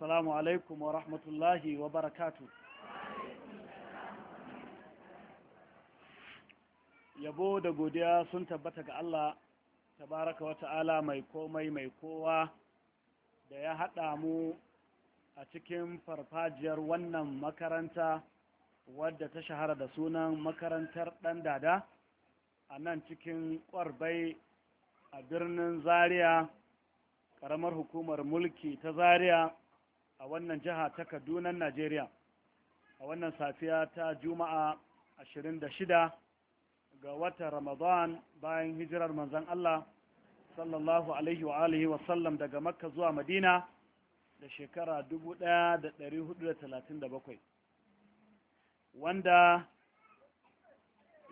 assalamu alaikum wa rahmatullahi wa barakatu yabo da godiya sun tabbata ga Allah tabaraka wa ta'ala mai komai mai kowa da ya haɗa mu a cikin farfajiyar wannan makaranta wadda ta shahara da sunan makarantar ɗan dada a nan cikin ƙwarbai a birnin zaria ƙaramar hukumar mulki ta zaria a wannan jiha ta Kaduna Najeriya a wannan safiya ta Juma'a 26 ga watan Ramadan bayan hijirar manzan Allah sallallahu alaihi wa alihi wa sallam daga Makka zuwa Madina da shekara 1437 wanda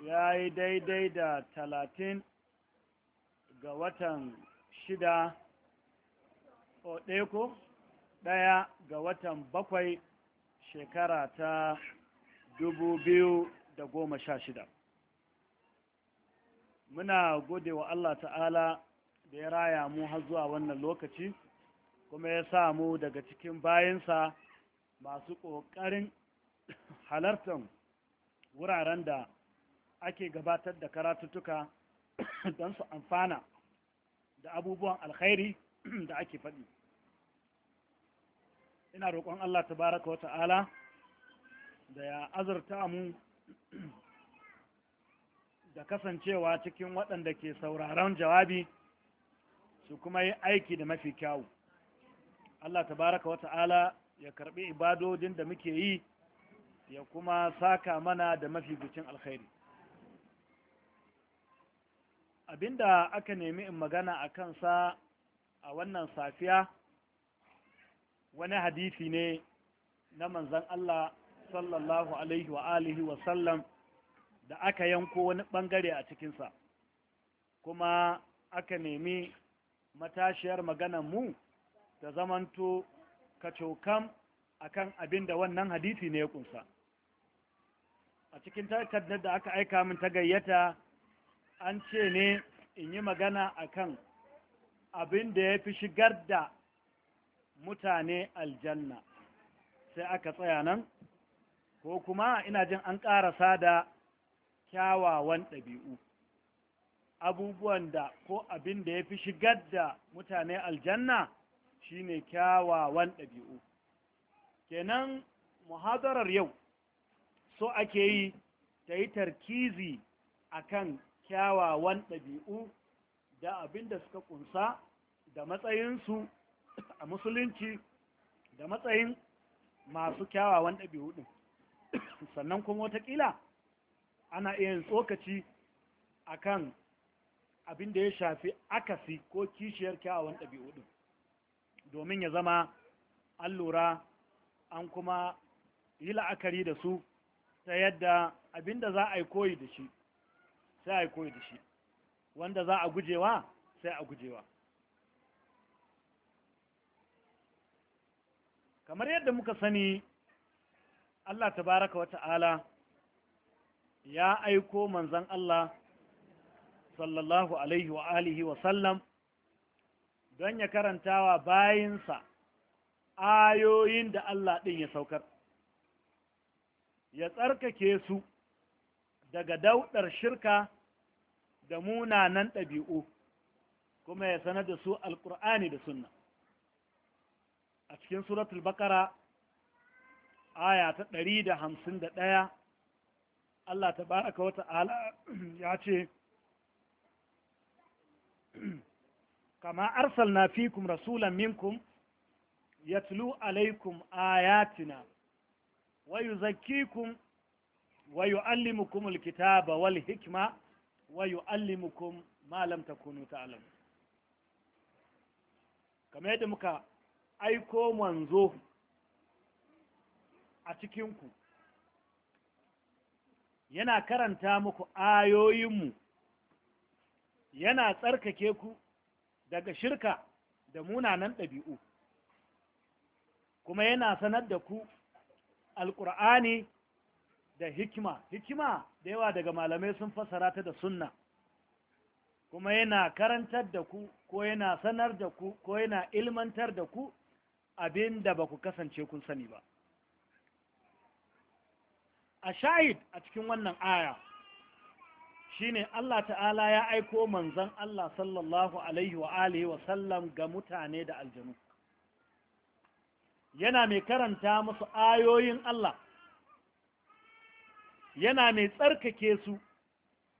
ya yi daidai da 30 ga watan 6 ko ɗaya ko ɗaya ga watan bakwai shekara ta dubu biyu da goma sha shida muna gode wa Allah ta'ala da ya raya mu har zuwa wannan lokaci kuma ya sa mu daga cikin bayansa masu ƙoƙarin halartar wuraren da ake gabatar da karatuttuka don su amfana da abubuwan alkhairi da ake faɗi ina roƙon Allah baraka wa ta'ala da ya azurta mu da kasancewa cikin waɗanda ke sauraron jawabi su kuma yi aiki da mafi kyawu Allah tabaraka wata'ala ya karɓi ibadodin da muke yi ya kuma saka mana da mafi bikin alkhairi abinda aka nemi in magana a kansa a wannan safiya wani hadisi ne na manzan Allah sallallahu alaihi wa alihi wa sallam da aka yanko wani bangare a cikinsa kuma aka nemi matashiyar maganan mu ta zamanto kacokam akan abin da wannan hadisi ne ya kunsa a cikin takardar da aka aika min ta gayyata an ce ne in yi magana akan abin da ya fi shigar da mutane aljanna sai aka tsaya nan ko kuma ina jin an ƙarasa da kyawawan ɗabi'u abubuwan da ko abin da ya fi shigar da mutane aljanna shine kyawawan ɗabi'u kenan muhadarar yau so ake yi ta yi tarkizi a kan kyawawan ɗabi'u da abin da suka ƙunsa da matsayinsu a musulunci da matsayin masu kyawawan ɗabi'u ɗin sannan kuma watakila ana iya yin tsokaci kan abin da ya shafi akasi ko kishiyar kyawawan ɗabi'u ɗin domin ya zama an lura an kuma yi la'akari da su ta yadda abin da za a yi koyi da shi wanda za a gujewa sai a gujewa kamar yadda muka sani Allah tabaraka wata'ala ya aiko manzan Allah sallallahu alaihi wa alihi wa sallam don ya karantawa bayinsa ayoyin da Allah ɗin ya saukar ya tsarkake su daga daudar shirka da munanan ɗabi'u kuma ya sanar da su alƙur'ani da sunna a cikin suratul bakara aya ta ɗari da hamsin da ɗaya Allah ta baraka wata ya ce kama arsalna fikum rasulan minkum yatlu alaikum ayatina wa yuzakkikum wa yuallimukum alkitaba wal hikma wa yuallimukum ma lam takunu ta'lamun kamar yadda muka aiko manzo a cikinku yana karanta muku ayoyinmu yana tsarkake ku daga shirka da munanan ɗabi'u kuma yana sanar da ku alƙur'ani da hikima hikima da yawa daga malamai sun fassara ta da sunna kuma yana karantar da ku ko yana sanar da ku ko yana ilmantar da ku abin da ba ku kasance kun sani ba a shahid a cikin wannan aya shine Allah ta'ala ya aiko manzan Allah sallallahu alaihi wa wa sallam ga mutane da aljanu yana mai karanta musu ayoyin Allah yana mai tsarkake su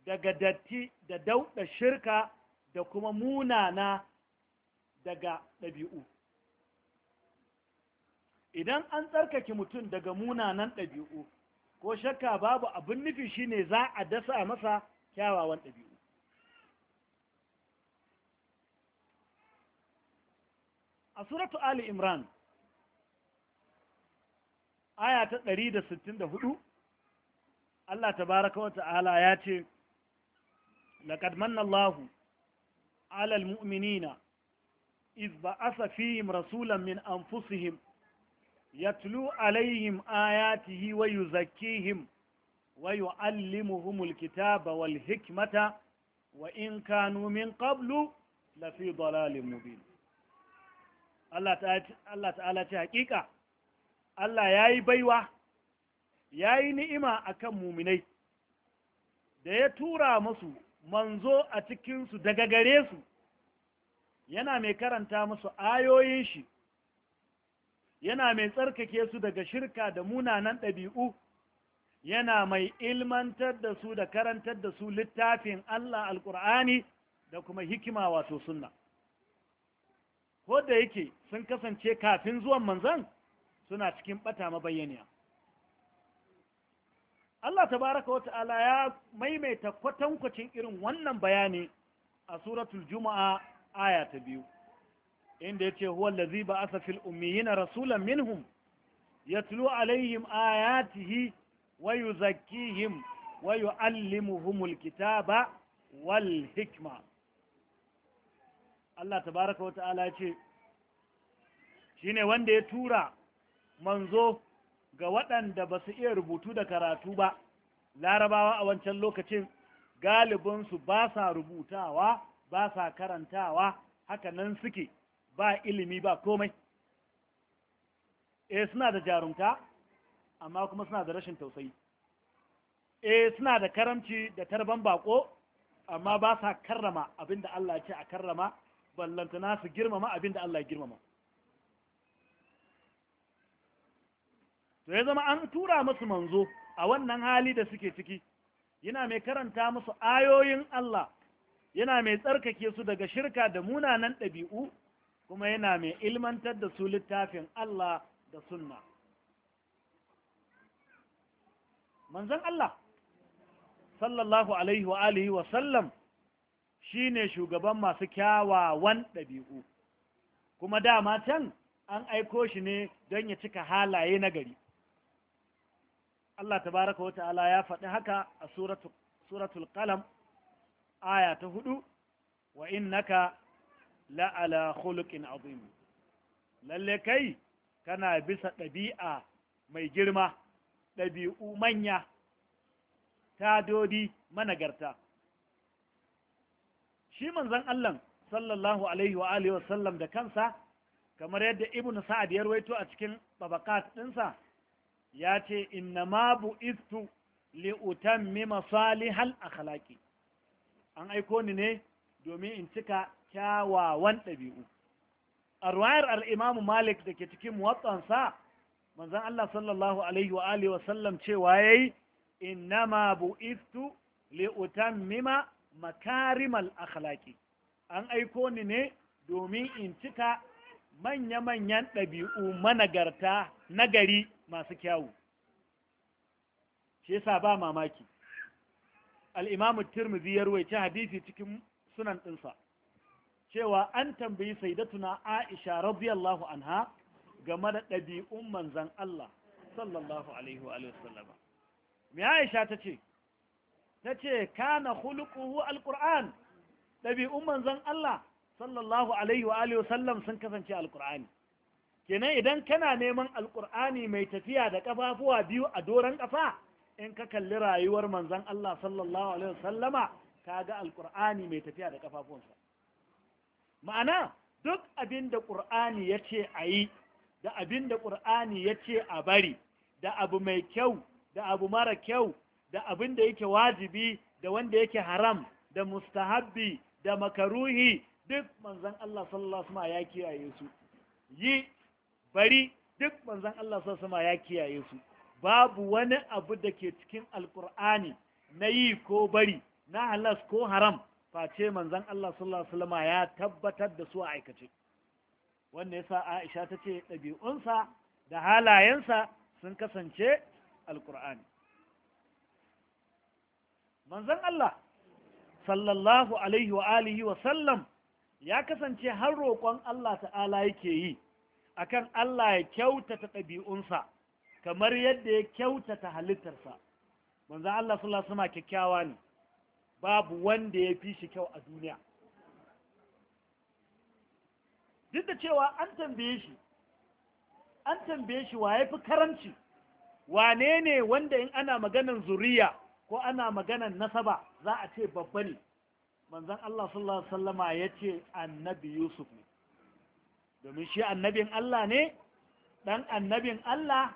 daga datti da dauɗa shirka da kuma munana daga ɗabi'u idan an tsarkake mutum daga munanan ɗabi'u ko shakka babu abin nufi shine za a dasa masa kyawawan ɗabi'u a suratu ali imran aya ta 164 Allah baraka wata ala ya ce laƙad manna Allahu 'ala muminina iz ba'atha fihim rasulan min anfusihim yatlu alaihim ayatihi wa yuzakkihim wa yu'allimuhumul kitaba wal hikmata wa in kanu min qablu lafi dalalin mubin Allah ta'ala ce hakika Allah ya yi baiwa ya yi ni'ima a kan muminai da ya tura musu manzo a cikinsu daga gare su yana mai karanta musu ayoyin shi yana mai tsarkake su daga shirka da munanan ɗabi'u yana mai ilmantar da su da karantar da su littafin Allah alƙur'ani da kuma hikima wato sunna ko da yake sun kasance kafin zuwan manzan suna cikin ɓata mabayyaniya Allah Ta baraka wata ala ya maimaita kwatankwacin irin wannan bayani a suratul juma'a aya ta biyu inda yace huwa allazi ba'atha fil na rasulan minhum yatlu alaihim ayatihi wa yuzakkihim wa yuallimuhumul kitaba wal hikma Allah tabaraka wa ta'ala Shi ne wanda ya tura manzo ga waɗanda ba su iya rubutu da karatu ba larabawa a wancan lokacin galibinsu ba sa rubutawa ba sa karantawa haka nan suke ba ilimi ba komai eh suna da jarumta amma kuma suna da rashin tausayi eh suna da karamci da tarban bako amma ba sa karrama abinda Allah ya ce a karrama ballantana su girmama abinda Allah girmama to ya zama an tura musu manzo a wannan hali da suke ciki yana mai karanta musu ayoyin Allah yana mai tsarkake su daga shirka da munanan ɗabi'u kuma yana mai ilmantar da su littafin Allah da sunna manzon Allah sallallahu alaihi wa alihi wa sallam shi ne shugaban masu kyawawan ɗabi'u kuma dama can an aiko shi ne don ya cika halaye na gari Allah tabaraka wa ta'ala ya faɗi haka a suratul qalam aya ta hudu wa innaka la'ala khuluqin azim lalle kai kana bisa ɗabi'a mai girma ɗabi'u manya tadodi managarta shi manzon Allah sallallahu alaihi wa alihi wa sallam da kansa kamar yadda Ibnu sa'ad ya rawaito a cikin babakat dinsa ya ce inna ma bu'istu li utammima salihal akhlaqi an aiko ni ne domin in cika kyawawan ɗabi'u a al al'imamu malik da ke cikin muwatsansa manzan Allah sallallahu alaihi wa alihi wasallam cewa ya yi innama bu'itu li'utan mima makarimal akhlaqi an aiko ni ne domin in cika manya-manyan ɗabi'u managarta nagari masu kyawu shi yasa ba mamaki al'imamu turmuzi ya ruwaice hadisi cikin sunan ɗinsa cewa an tambayi sayyidatuna Aisha radiyallahu anha game da ɗabi'un manzan Allah sallallahu alaihi wa sallama me Aisha ta ce tace tace kana khuluquhu alquran ɗabi'un manzan Allah sallallahu alaihi wa sallam sun kasance alqur'ani kenan idan kana neman alqur'ani mai tafiya da ƙafafuwa biyu a doron ƙafa? in ka kalli rayuwar manzan Allah sallallahu alaihi wa sallama kaga alqur'ani mai tafiya da kafafunsa ma'ana duk abin da ƙur'ani ya ce a yi da abin da ƙur'ani ya ce a bari da abu mai kyau da abu mara kyau da abin da yake wajibi da wanda yake haram da mustahabbi da makaruhi duk manzan Allah sallallahu alaihi ya kiyaye su yi bari duk manzan Allah sallallahu alaihi ya kiyaye su babu wani abu da ke cikin alkur'ani na yi ko bari na halas ko haram face manzan Allah sallallahu alaihi wasallam ya tabbatar da su a aikace wanda yasa Aisha ta ce ɗabi'unsa da halayensa sun kasance alkur'ani manzan Allah sallallahu alaihi wa alihi wa sallam ya kasance har roƙon Allah ta'ala yake yi akan Allah ya kyautata ɗabi'unsa kamar yadda ya kyautata halittarsa manzan Allah sallallahu alaihi wa kyakkyawa ne babu wanda ya fi shi kyau a duniya duk da cewa an tambaye shi an tambaye shi wa ya fi karanci wane ne wanda in ana maganan zuriya ko ana maganan nasaba za a ce babba ne manzan Allah sallallahu Alaihi wasallama ya ce annabi Yusuf ne domin shi annabin Allah ne ɗan annabin Allah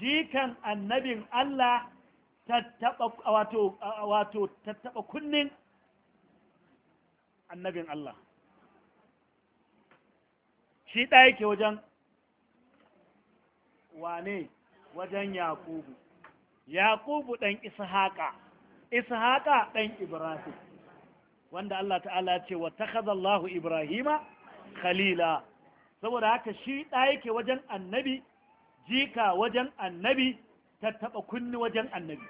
jikan annabin Allah wato tattaba kunnin annabin Allah shi ɗaya yake wajen wane wajen yakubu yakubu ɗan ishaƙa ishaƙa ɗan ibrahim wanda Allah ta'ala ce wa Allahu ibrahima khalila saboda haka shi ɗaya yake wajen annabi jika wajen annabi ta tattaɓa kunni wajen annabi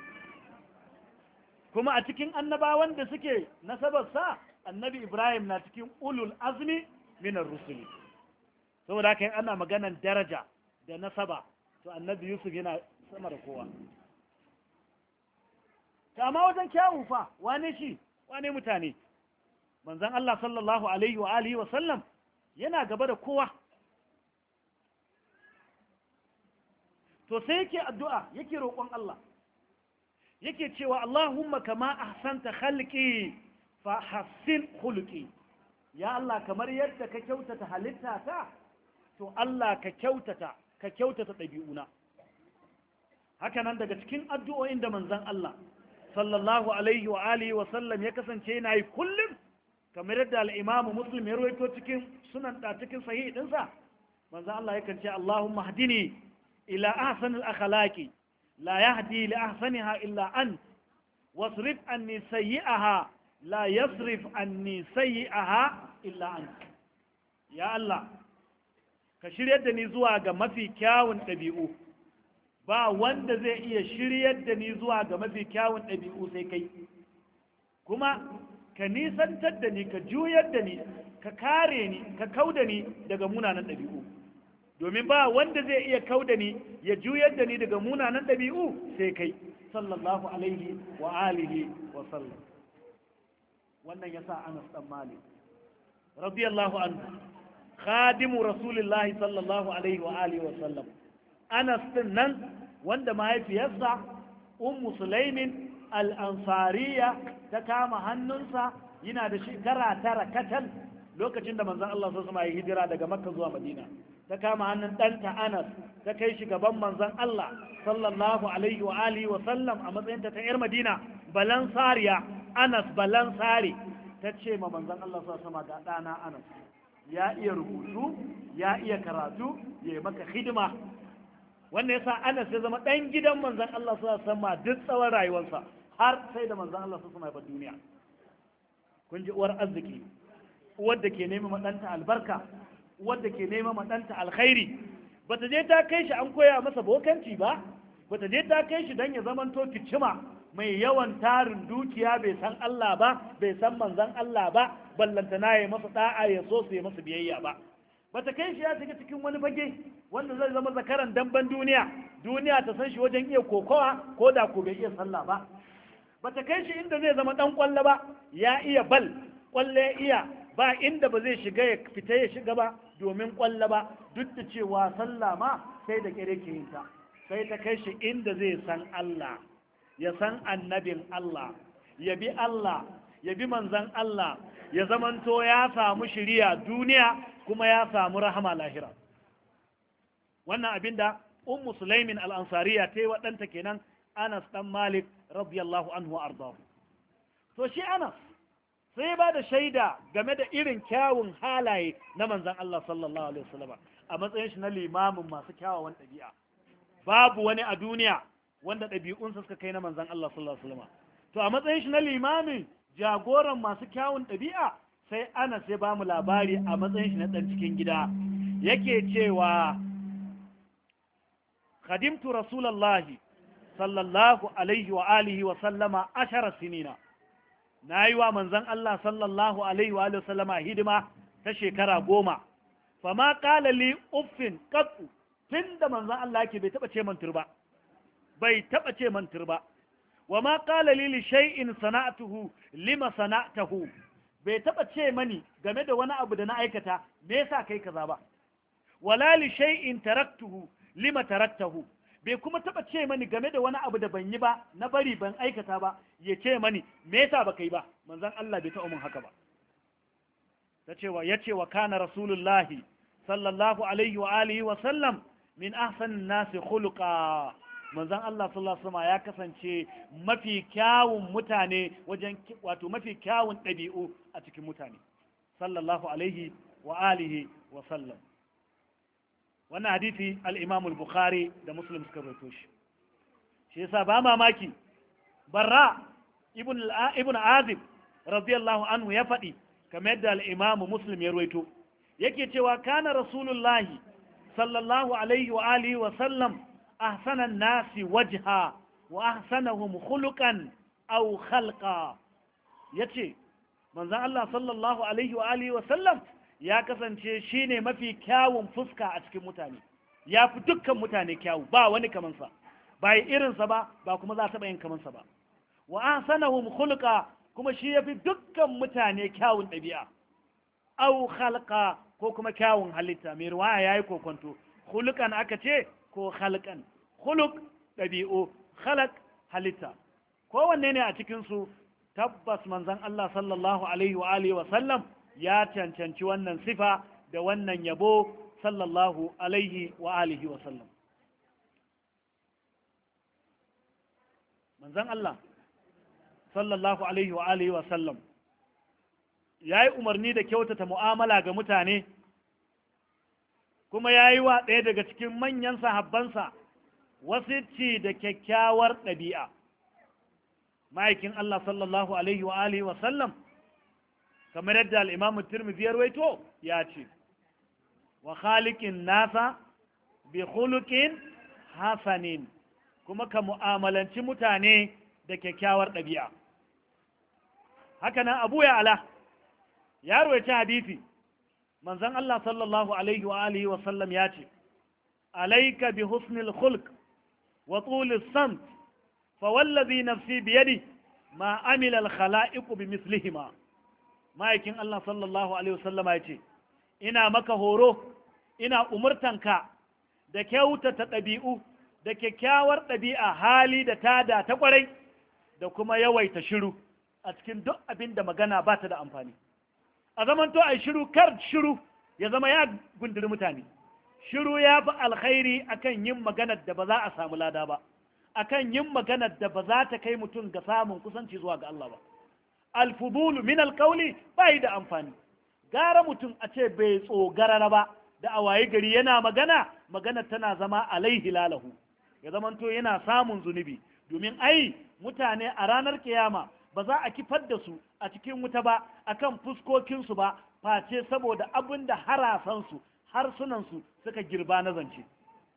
kuma a cikin annabawan da suke sa annabi ibrahim na cikin ulul azmi minar rusuli saboda haka ana maganan daraja da nasaba to annabi yusuf yana sama da kowa ma wajen kyawu fa wane shi wane mutane manzan allah sallallahu alaihi wa alihi wa sallam yana gaba da kowa to sai yake addu'a yake roƙon Allah yake cewa Allahumma kama ahsanta halki fa hassin khulqi ya Allah kamar yadda ka kyautata halitta ta to Allah ka kyautata ka kyautata ɗabi'una haka nan daga cikin addu'o'in da manzon Allah sallallahu alaihi wa alihi wa sallam ya kasance yana yi kullum kamar yadda al'imamu Muslim ya rawaito cikin sunan ɗa cikin sahih dinsa manzon Allah yakan ce Allahumma hadini ila ahsan al-akhlaqi la yahdi li ahsaniha illa an wasrif anni sayyi'aha la yasrif anni sayyi'aha illa an ya Allah ka shiryar da ni zuwa ga mafi kyawun ɗabi'u ba wanda zai iya shiryar da ni zuwa ga mafi kyawun ɗabi'u sai kai kuma ka nisantar da ni ka juyar da ni ka kare ni ka kauda ni daga munanan ɗabi'u domin ba wanda zai iya kauda ni ya juyar da ni daga munanan ɗabi'u sai kai sallallahu alaihi wa alihi wa sallam wannan ya sa anas ɗan malik radiyallahu anhu khadimu rasulillahi sallallahu alaihi wa alihi wa sallam anas din nan wanda mahaifiyarsa ummu sulaimin al-ansariya ta kama hannunsa yana da shekara tara katal lokacin da manzon Allah sallallahu alaihi wa sallam ya hijira daga makka zuwa madina ta kama hannun ɗanta anas ta kai shi gaban manzon Allah sallallahu alaihi wa alihi wa sallam a matsayinta ta yar madina balansariya anas balansari ta ce ma manzan Allah sa sama ga ɗana anas ya iya rubutu ya iya karatu ya maka hidima wannan yasa anas ya zama ɗan gidan manzan Allah sa sama duk tsawon rayuwarsa har sai da manzan Allah sa sama ya duniya kun ji uwar arziki uwar da ke neman ɗanta albarka wadda ke nema ɗanta alkhairi bata je ta kai shi an koya masa bokanci ba bata je ta kai shi don ya zamanto kicima mai yawan tarin dukiya bai san Allah ba bai san manzan Allah ba na ya masa da'a ya so su masa biyayya ba bata kai shi ya shiga cikin wani fage wanda zai zama zakaran damban duniya duniya ta san shi wajen iya kokowa ko da ko bai iya sallah ba bata kai shi inda zai zama dan kwallo ba ya iya bal kwalle iya ba inda ba zai shiga ya fita ya shiga ba domin kwalla ba duk da cewa sallah ma sai da kere ke yin sai ta kai shi inda zai san Allah ya san annabin Allah ya bi Allah ya bi manzan Allah ya zamanto ya samu shiriya duniya kuma ya samu rahama lahira wannan abin da ummu sulaimin al'ansariya ta yi waɗanta kenan anas ɗan malik radiyallahu anhu wa ardahu to shi anas sai ba da shaida game da irin kyawun halaye na manzan Allah sallallahu alaihi wasallam a matsayin shi na limamin masu kyawawan ɗabi'a babu wani a duniya wanda ɗabi'unsa suka kai na manzan Allah sallallahu alaihi wasallam to a matsayin shi na limamin jagoran masu kyawun ɗabi'a sai ana sai ba mu labari a matsayin shi na ɗan cikin gida yake cewa khadimtu rasulallahi sallallahu alaihi wa alihi wa sallama ashara sinina na yi wa manzan Allah sallallahu alaihi wa sallama hidima ta shekara goma Fa ma ƙalali uffin katsu tun da manzan Allah ke bai taɓa ce mantur ba bai taɓa ce mantur ba wa ma ƙalali, li shay'in sana'atuhu lima sana'tahu bai taɓa ce mani game da wani abu da na aikata me yasa kai kaza ba wala li shay'in taraktuhu lima taraktahu bai kuma taba ce mani game da wani abu da ban yi ba na bari ban aikata ba ya ce mani me yasa baka yi ba manzon Allah bai taɓa mun haka ba ta cewa ya ce wa kana rasulullahi sallallahu alaihi wa alihi wa sallam min ahsan nasi khuluqa manzon Allah sallallahu alaihi wasallam ya kasance mafi kyawun mutane wajen wato mafi kyawun dabi'u a cikin mutane sallallahu alaihi wa alihi wa sallam wannan hadisi al bukhari da muslim suka rawaito shi shi yasa ba mamaki barra ibn azib radiyallahu anhu ya faɗi kamar yadda al-imam ya rawaito yake cewa kana rasulullahi sallallahu alaihi wa wa sallam ahsana nasi wajha wa ahsanahum khuluqan aw khalqa yace manzon Allah sallallahu alaihi wa alihi wa sallam ya kasance shi ne mafi kyawun fuska a cikin mutane ya fi dukkan mutane kyawu ba wani kamansa ba yi irinsa ba ba kuma za taɓa yin kamansa ba wa an sanahum khulqa kuma shi ya fi dukkan mutane kyawun ɗabi'a au halka ko kuma kyawun halitta mai ruwaya ya yi kokonto hulukan aka ce ko halkan huluk ɗabi'u halak halitta kowanne ne a cikinsu tabbas manzan Allah sallallahu alaihi wa sallam ya cancanci wannan sifa da wannan yabo sallallahu alaihi wa alihi wa sallam manzan Allah sallallahu alaihi wa alihi wa sallam yayi umarni da kyautata mu'amala ga mutane kuma yayi wa ɗaya daga cikin manyan sahabbansa ci da kyakkyawar ɗabi'a ma'aikin Allah sallallahu alaihi wa alihi wa sallam kamar yadda al'imamu turmizi ya rawaito ya ce wa nasa bi khuluqin hasanin kuma ka mu'amalanci mutane da kyakkyawar ɗabi'a hakanan abu ya ala ya rawaita hadisi manzon Allah sallallahu alaihi wa alihi wa sallam ya ce alaika bi husnil khulk wa tulis samt fa wallazi nafsi biyadi ma amila al khala'iq bi mislihima ma'aikin Allah sallallahu alaihi wasallama ya ce ina maka horo ina umurtanka da kyautata ɗabi'u da kyakkyawar ɗabi'a hali da tada ta ƙwarai da kuma yawaita shiru a cikin duk abin da magana ba ta da amfani a zaman to a shiru kar shiru ya zama ya gundiri mutane shiru ya fi alkhairi akan yin maganar da ba za a samu lada ba akan yin maganar da ba za ta kai mutum ga samun kusanci zuwa ga Allah ba alfudulu min alkauli bai da amfani gara mutum a ce bai tsogarara ba da a waye gari yana magana magana tana zama alaihi lalahu ya zamanto yana samun zunubi domin ai mutane a ranar kiyama ba za a kifar da su a cikin wuta ba akan fuskokinsu ba face saboda abin da harasansu harsunansu suka girba na zance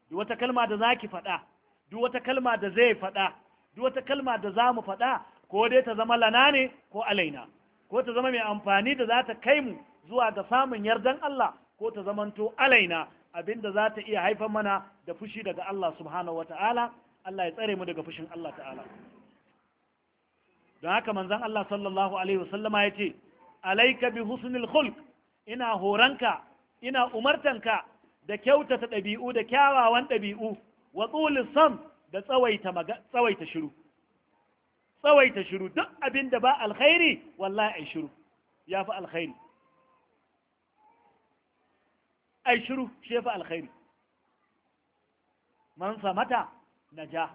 duk wata kalma da za ki faɗa duk wata kalma da zai faɗa duk wata kalma da za mu faɗa ko dai ta zama lana ne ko alaina ko ta zama mai amfani da za ta kai mu zuwa ga samun yardan Allah ko ta zamanto alaina abinda za ta iya haifar mana da fushi daga Allah subhanahu wata'ala Allah ya tsare mu daga fushin Allah ta'ala don haka manzon Allah sallallahu alaihi wasallama ya ce alaika bi husnil khulq ina horanka ina umartanka da kyautata ɗabi'u da kyawawan ɗabi'u wa tsulis sam da tsawaita shiru tsawaita shiru duk abin da ba alkhairi wallahi ai shiru ya fi alkhairi ai shiru shi fi alkhairi man samata naja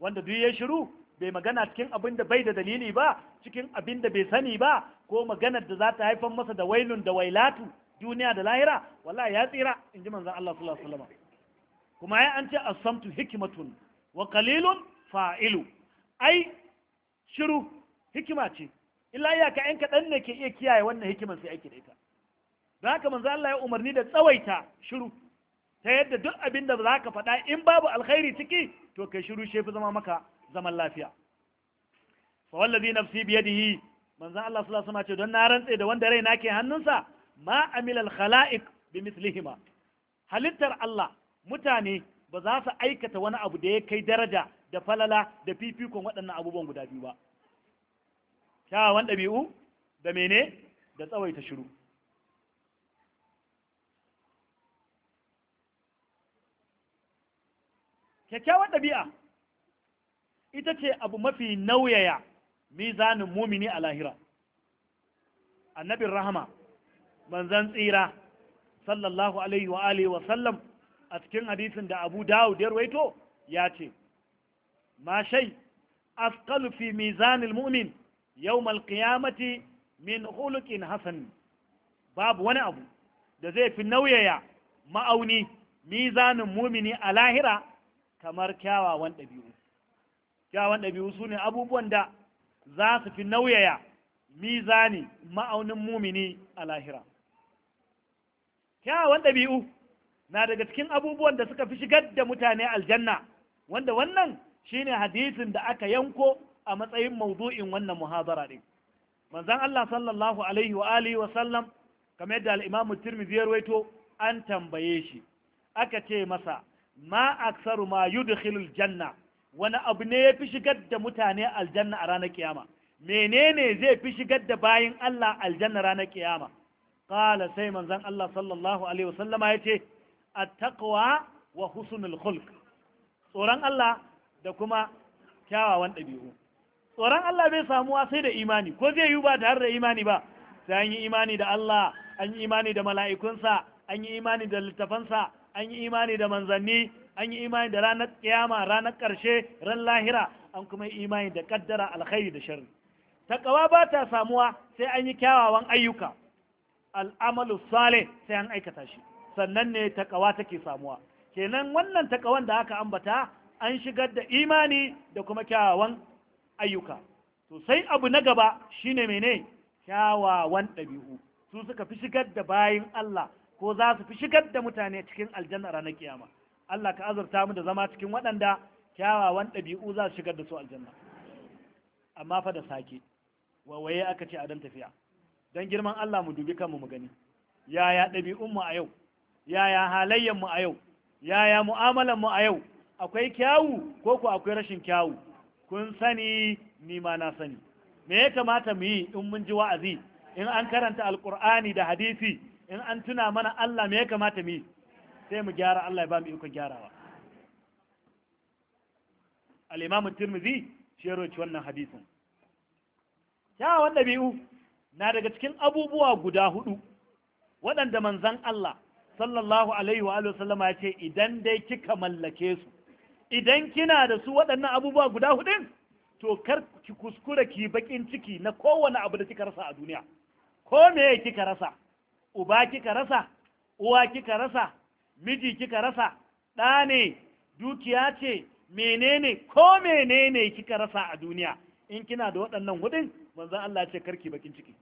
wanda duk ya shiru bai magana cikin abin da bai da dalili ba cikin abin da bai sani ba ko maganar da za ta haifar masa da wailun da wailatu duniya da lahira wallahi ya tsira in ji manzon Allah sallallahu alaihi kuma ya an ce as-samtu wa qalilun fa'ilu ai shiru hikima ce illa ya ka yan kaɗan ne ke iya kiyaye wannan hikimar sai aiki da ita don haka manzo Allah ya umarni da tsawaita shiru ta yadda duk abin da za ka faɗa in babu alkhairi ciki to kai shiru fi zama maka zaman lafiya fa wallazi nafsi yi, manzo Allah sallallahu alaihi ce don na rantse da wanda raina ke hannunsa ma amil al khalaiq bi mithlihima halittar Allah mutane ba za su aikata wani abu da ya kai daraja da falala da fifikon waɗannan abubuwan guda biyu ba kyawawan ɗabi'u da mene da tsawaita shiru Kyakkyawan ɗabi'a ita ce abu mafi nauyaya mizanin mumini a lahira annabin rahama manzan tsira sallallahu alaihi wa alihi wa sallam a cikin hadisin da abu dawud ya rawaito ya ce Mashai, شيء Mizanin Mumin yau Malkiyamati يوم القيامة min hulukin hasan babu wani abu da zai fi nauyaya ma'auni mizanin mumini a lahira kamar kyawawan ɗabi'u kyawawan ɗabi'u su ne abubuwan da za su fi nauyaya mizani ma'aunin mumini a lahira kyawawan ɗabi'u na daga cikin abubuwan da suka fi shigar da mutane aljanna wanda wannan shine hadisin da aka yanko a matsayin mawdu'in wannan muhadara din manzon Allah sallallahu alaihi wa alihi wa sallam kamar yadda al-Imam Tirmidhi ya rawaito an tambaye shi aka ce masa ma aksaru ma yudkhilul janna wani abu ne ya fi shigar da mutane aljanna a ranar kiyama menene zai fi shigar da bayin Allah aljanna ranar kiyama qala sai manzon Allah sallallahu alaihi wasallama yace at-taqwa wa husnul khulq tsoron Allah da kuma kyawawan ɗabi'u tsoron Allah bai samuwa sai da imani ko zai yi ba tare da imani ba sai an yi imani da Allah an yi imani da mala'ikunsa an yi imani da littafansa an yi imani da manzanni an yi imani da ranar kiyama ranar ƙarshe ran lahira an kuma yi imani da ƙaddara, alkhairi da sharri takawa ba ta samuwa sai an yi kyawawan ayyuka al'amalu sale sai an aikata shi sannan ne ta takawa take samuwa kenan wannan ta takawan da aka ambata an shigar da imani da kuma kyawawan ayyuka to sai abu na gaba shine mene kyawawan ɗabi'u su suka fi shigar da bayan Allah ko za su fi shigar da mutane cikin aljanna ranar kiyama Allah ka azurta mu da zama cikin waɗanda kyawawan ɗabi'u za su shigar da su aljanna amma fa da sake wawaye aka ce a dan tafiya dan girman Allah mu dubi kanmu mu gani yaya ɗabi'unmu a yau yaya halayyanmu a yau yaya mu'amalanmu a yau akwai kyawu ko ku akwai rashin kyawu kun sani ni ma na sani me ya kamata mu yi in mun ji wa'azi in an karanta alqur'ani da hadisi in an tuna mana Allah me ya kamata mu yi sai mu gyara Allah ya ba mu ikon gyarawa al-imam tirmidhi shi ya roci wannan hadisin kyawawan dabi'u na daga cikin abubuwa guda hudu waɗanda manzan Allah sallallahu alaihi wa sallama ya ce idan dai kika mallake su idan kina da su waɗannan abubuwa guda hudun to kar ki kuskura ki bakin ciki na kowane abu da kika rasa a duniya ko me kika rasa uba kika rasa uwa kika rasa miji kika rasa ɗa ne dukiya ce menene ko menene kika rasa a duniya in kina da waɗannan hudun manzon Allah ce karki bakin ciki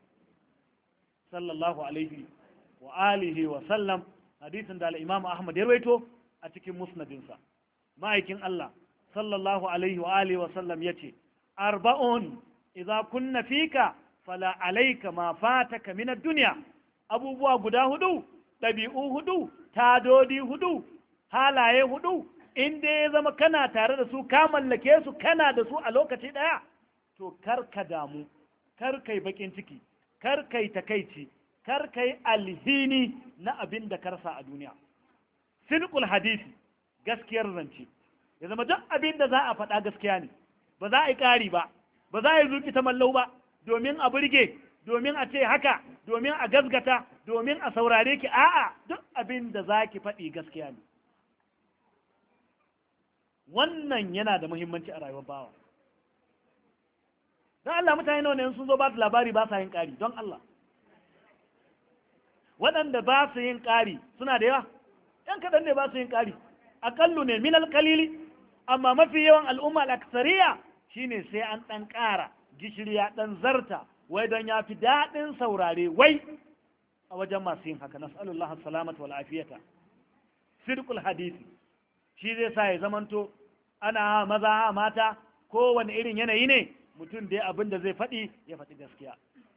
sallallahu alaihi wa alihi wa sallam hadisin da al-Imam Ahmad ya rawaito a cikin musnadinsa ma'aikin Allah sallallahu alaihi wa alihi wa sallam yace arba'un idza kunna fika fala alayka ma fataka min ad-dunya abubuwa guda hudu ɗabi'u hudu tadodi hudu halaye hudu in dai ya zama kana tare da su ka mallake su kana da su a lokaci daya to kar ka damu kar kai bakin ciki kar kai takaici kar kai alhini na abin da karsa a duniya sidqul hadisi gaskiyar zance ya zama duk abin da za a faɗa gaskiya ne ba za a yi ƙari ba ba za a yi zuƙi ta mallau ba domin a burge domin a ce haka domin a gasgata domin a saurare ki a'a duk abin da za ki faɗi gaskiya ne wannan yana da muhimmanci a rayuwar bawa don Allah mutane nawa ne sun zo ba su labari ba sa yin ƙari don Allah waɗanda ba su yin ƙari suna da yawa ‘yan kaɗan ne ba su yin ƙari aƙallu ne min alƙalili amma mafi yawan al'umma al'aksariya shine sai an ɗan ƙara gishiri ya ɗan zarta wai don ya fi daɗin saurare wai a wajen masu yin haka nas'alullah salamat wal lafiyata. Sirkul hadisi shi zai sa ya zamanto ana maza ha mata kowane irin yanayi ne mutum dai abin da zai faɗi ya faɗi gaskiya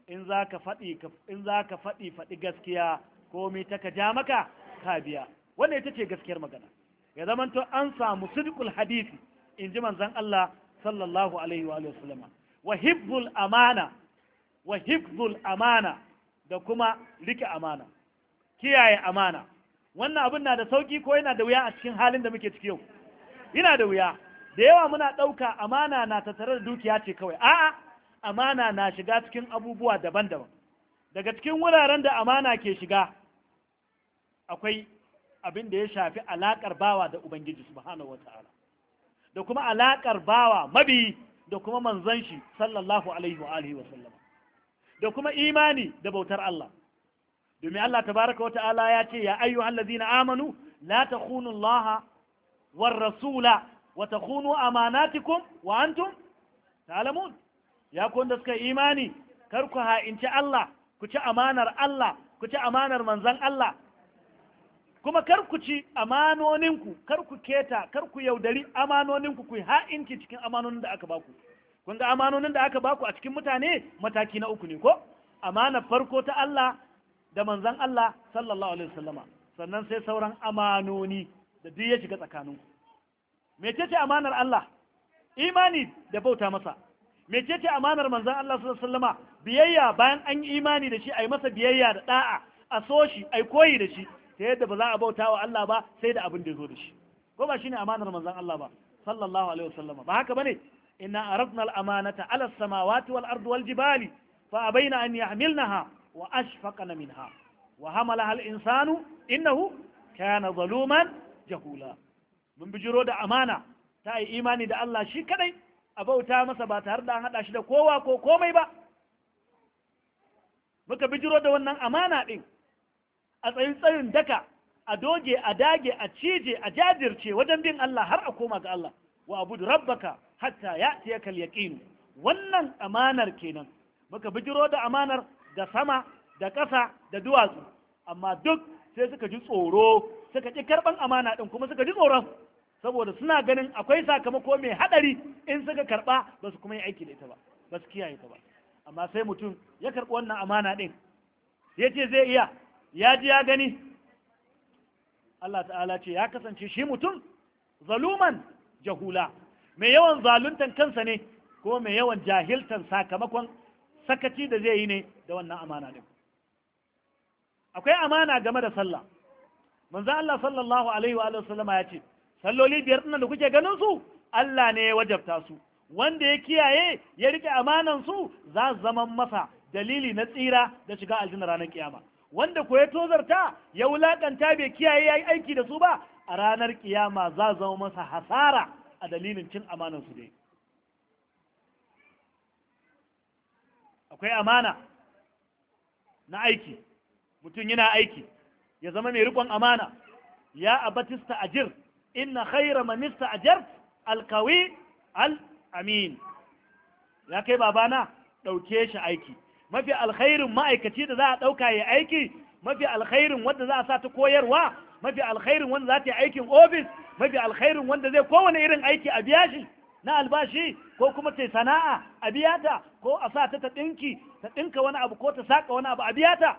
in za ka faɗi in za ka faɗi faɗi gaskiya komi ta ka ja maka ka biya wannan ita ce gaskiyar magana ya zamanto an samu sidqul hadisi in ji manzon Allah sallallahu alaihi wa sallama wa hibbul amana wa hibbul amana da kuma rike amana kiyaye amana wannan abin na da sauki ko yana da wuya a cikin halin da muke ciki yau yana da wuya da yawa muna ɗauka amana na tattare da dukiya ce kawai a'a amana na shiga cikin abubuwa daban-daban daga cikin wuraren da amana ke shiga akwai abin da ya shafi alaƙar bawa da ubangiji subhanahu ta'ala, da kuma alaƙar bawa mabi da kuma manzon shi sallallahu alaihi wa alihi wa sallama da kuma imani da bautar Allah domin Allah tabaraka wata'ala ya ce ya ayyuhal ladzina amanu la takhunu Allah wata rasula wa takhunu amanatikum wa antum ta'lamun ya ku wanda suka imani kar ku ha'inci Allah ku ci amanar Allah ku ci amanar manzon Allah kuma kar ku ci amanoninku kar ku keta kar ku yaudari amanoninku ku ha'inki cikin amanonin da aka baku kun ga amanonin da aka baku a cikin mutane mataki na uku ne ko amana farko ta Allah da manzan Allah sallallahu alaihi wasallama sannan sai sauran amanoni da duk ya shiga tsakaninku mecece amanar Allah imani da bauta masa mecece amanar manzan Allah sallallahu alaihi wasallama biyayya bayan an yi imani da shi a yi masa biyayya da da'a a so shi a koyi da shi ta yadda ba za a bauta wa Allah ba sai da abin da ya zo da shi ko ba shine amanar manzon Allah ba sallallahu alaihi wasallam ba haka bane inna aradna al-amanata ala as-samawati wal ardi wal jibali fa abaina an yahmilnaha wa ashfaqna minha wa hamalaha al-insanu innahu kana zaluman jahula mun bijiro da amana ta yi imani da Allah shi kadai a bauta masa ba tare da an hada shi da kowa ko komai ba muka bijiro da wannan amana din a tsayin tsayin daka a doge a dage a cije a jajirce wajen bin Allah har a koma ga Allah wa abudu rabbaka hatta ya tiyaka yaqin wannan amanar kenan baka bijiro da amanar da sama da ƙasa da duwatsu amma duk sai suka ji tsoro suka ƙi karɓan amana ɗin kuma suka ji tsoron saboda suna ganin akwai sakamako mai haɗari in suka karba ba su kuma yi aiki da ita ba ba su kiyaye ta ba amma sai mutum ya karbi wannan amana ɗin ya ce zai iya ya ji ya gani Allah ta'ala ce ya kasance shi mutum zaluman jahula mai yawan zaluntan kansa ne ko mai yawan jahiltan sakamakon sakaci da zai yi ne da wannan amana din akwai amana game da sallah manzo Allah sallallahu alaihi wa sallama ya ce salloli biyar din da kuke ganin su Allah ne ya wajabta su wanda ya kiyaye ya rike amanan su za su zama masa dalili na tsira da shiga aljanna ranar kiyama wanda ko ya tozarta ya wulakanta bai kiyaye yayi aiki da su ba a ranar kiyama za zama masa hasara a dalilin cin amanansu su dai akwai amana na aiki mutum yana aiki ya zama mai rikon amana ya abatista ajir inna khaira manista ajart alkawi al-amin ya kai babana ɗauke shi aiki mafi alkhairin ma'aikaci da za a ɗauka ya aiki mafi alkhairin wanda za a sa ta koyarwa mafi alkhairin wanda za ta yi aikin ofis mafi alkhairin wanda zai kowane irin aiki a biya shi na albashi ko kuma ta sana'a a biya ta ko a sa ta ta ɗinki ta ɗinka wani abu ko ta saƙa wani abu a biya ta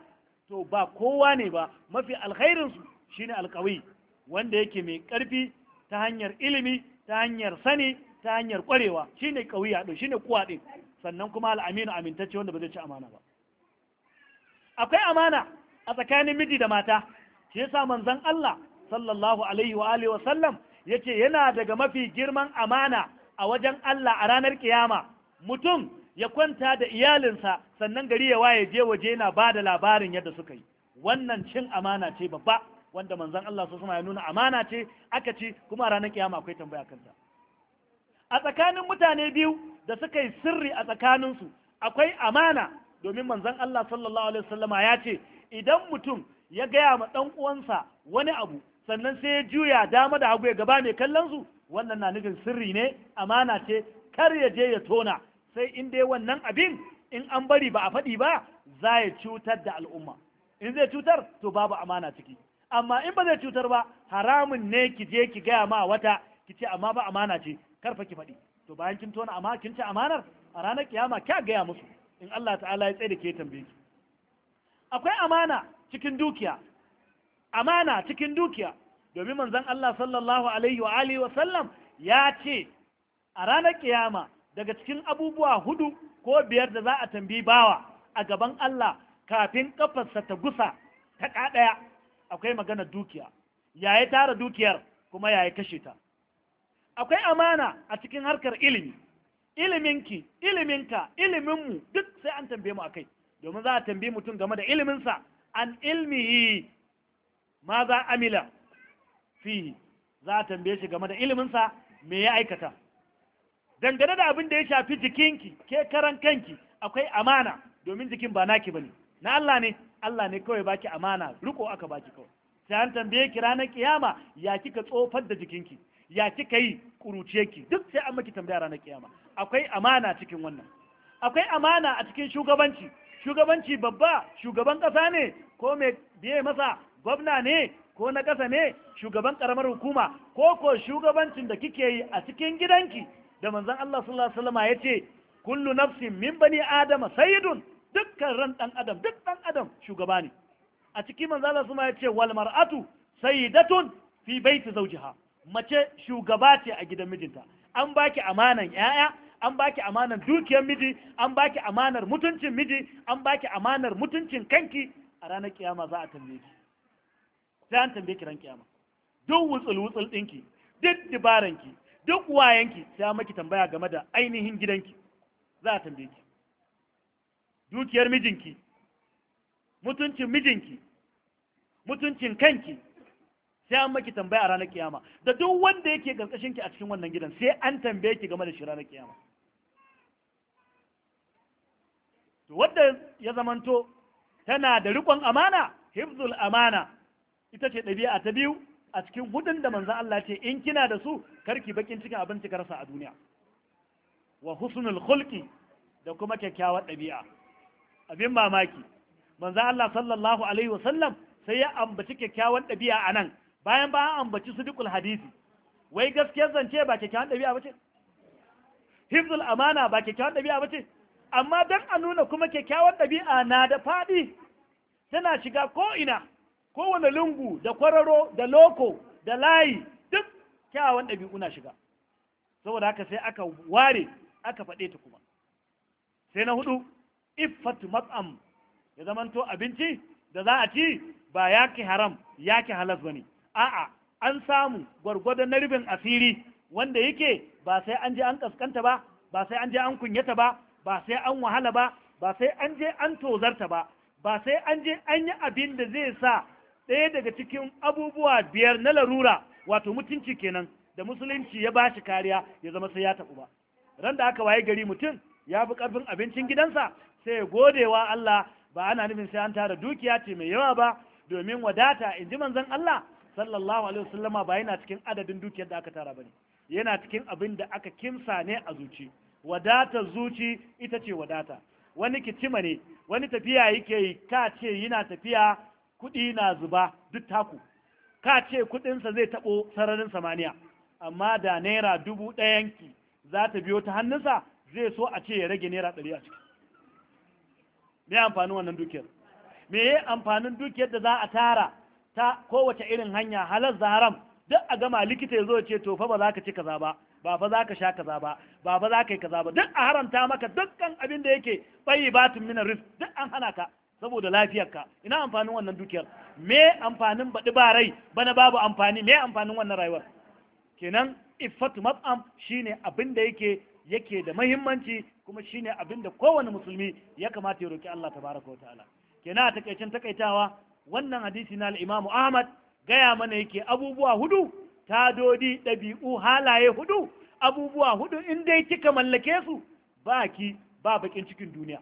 to ba kowa ne ba mafi su shine alkawi wanda yake mai ƙarfi ta hanyar ilimi ta hanyar sani ta hanyar ƙwarewa shine ƙawiya ɗin shine kuwa ɗin sannan kuma al'aminu amintacce wanda ba zai ci amana ba akwai amana a tsakanin miji da mata shi yasa manzon Allah sallallahu alaihi wa alihi wa sallam yace yana daga mafi girman amana a wajen Allah a ranar kiyama mutum ya kwanta da iyalinsa sannan gari ya waye je waje yana ba da labarin yadda suka yi wannan cin amana ce babba wanda manzon Allah su ya nuna amana ce aka ci kuma ranar kiyama akwai tambaya kanta a tsakanin mutane biyu da suka yi sirri a tsakaninsu akwai amana domin manzon Allah sallallahu alaihi wasallama ya ce idan mutum ya gaya ma ɗan uwansa wani abu sannan sai ya juya dama da hagu ya gaba mai kallon su wannan na nufin sirri ne amana ce kar ya je ya tona sai in dai wannan abin in an bari ba a faɗi ba za ya cutar da al'umma in zai cutar to babu amana ciki amma in ba zai cutar ba haramun ne ki je ki gaya ma wata ki ce amma ba amana ce kar fa ki faɗi to bayan kin tona amma kin ci amanar a ranar kiyama kya gaya musu in Allah ta'ala ya tsaye da ke tambaye ki akwai amana cikin dukiya amana cikin dukiya domin manzon Allah sallallahu alaihi wa alihi wa sallam ya ce a ranar kiyama daga cikin abubuwa hudu ko biyar da za a tambayi bawa a gaban Allah kafin kafarsa ta gusa ta daya akwai magana dukiya yayi tara dukiyar kuma yaya kashe ta akwai amana a cikin harkar ilimi iliminki iliminka iliminmu duk sai an tambaye mu akai domin za a tambaye mutum game da iliminsa an ilmihi ma za amila fihi za a tambaye shi game da iliminsa me ya aikata dangane da abin da ya shafi jikinki ke karan kanki akwai amana domin jikin ba naki bane na Allah ne Allah ne kawai baki amana riko aka baki kawai sai an tambaye ki ranar kiyama ya kika tsofar da jikinki ya kika yi kuruciye ki duk sai an maki tambaya ranar kiyama akwai amana cikin wannan akwai amana a cikin shugabanci shugabanci babba shugaban ƙasa ne ko mai biye masa gwamna ne ko na kasa ne shugaban ƙaramar hukuma ko ko shugabancin da kike yi a cikin gidanki da manzon Allah sallallahu alaihi wasallam ya ce kullu nafsin min bani adama sayyidun dukkan ran dan adam duk dan adam shugaba ne a cikin manzon Allah sallallahu alaihi wasallam ya ce wal mar'atu sayyidatun fi bayti zawjiha mace shugaba ce a gidan mijinta an baki amanan 'ya'ya an baki amanar dukiyar miji an baki amanar mutuncin miji an baki amanar mutuncin kanki a ranar kiyama za a tambaye ki sai an tambaye ki ran kiyama duk wutsul wutsul dinki duk dibaran ki duk wayanki sai an maki tambaya game da ainihin gidanki za a tambaye ki dukiyar mijinki mutuncin mijinki mutuncin kanki sai an maki tambaya a ranar kiyama da duk wanda yake karkashin ki a cikin wannan gidan sai an tambaye ki game da shi ranar kiyama to wanda ya zamanto tana da rikon amana hifzul amana ita ce ɗabi'a ta biyu a cikin hudun da manzan Allah ce in kina da su karki bakin cikin abin ka rasa a duniya wa husnul khulqi da kuma kyakkyawar ɗabi'a abin mamaki manzan Allah sallallahu alaihi wasallam sai ya ambaci kyakkyawar ɗabi'a a nan bayan ba an ambaci dukul hadisi wai gaskiyar zance ba kyakkyawan ɗabi'a ba ce hifzul amana ba kyakkyawan ɗabi'a ba ce amma don a nuna kuma kyakkyawan ɗabi'a na da faɗi tana shiga ko'ina kowane lungu da kwararo da loko da layi duk kyawawan ɗabi'u na shiga saboda haka sai aka ware aka faɗe ta kuma sai na hudu iffat mat'am ya zamanto abinci da za a ci ba yaki haram yaki halas bane a'a an samu gwargwadon na ribin asiri wanda yake ba sai an je an kaskanta ba ba sai an je an kunyata ba ba sai an wahala ba ba sai an je an tozarta ba ba sai an je an yi abin da zai sa ɗaya daga cikin abubuwa biyar na larura wato mutunci kenan da musulunci ya bashi kariya ya zama sai ya tafi ba ran da aka waye gari mutum ya fi ƙarfin abincin gidansa sai ya godewa Allah ba ana nufin sai an tara dukiya ce mai yawa ba domin wadata in ji manzon Allah sallallahu alaihi wasallama ba yana cikin adadin dukiyar da aka tara bane yana cikin abin da aka kimsa ne a zuci Wadata zuci ita ce wadata wani kicima ne wani tafiya yake ka ce yana tafiya kuɗi na zuba duk taku ka ce kuɗinsa zai taɓo sararin samaniya amma da naira dubu ɗayanki za ta biyo ta hannunsa zai so a ce ya rage naira ɗari a ciki me amfanin wannan dukiyar me amfanin dukiyar da za a tara ta kowace irin hanya halar da haram duk a gama likita ya zo ce to fa ba za ka ci kaza ba ba fa za ka sha kaza ba ba fa za ka yi kaza ba duk a haramta maka dukkan abin da yake bayi batun mina rif duk an hana ka saboda lafiyarka ina amfanin wannan dukiyar me amfanin baɗi ba rai bana babu amfani me amfanin wannan rayuwar kenan iffatu mat'am shine abin da yake yake da muhimmanci kuma shine abin da kowane musulmi ya kamata ya roki Allah tabaraka wa ta'ala kenan a takaicen takaitawa wannan hadisi na al'imamu ahmad gaya mana yake abubuwa hudu dodi ɗabi'u halaye hudu abubuwa hudu in dai kika mallake su ba ki ba bakin cikin duniya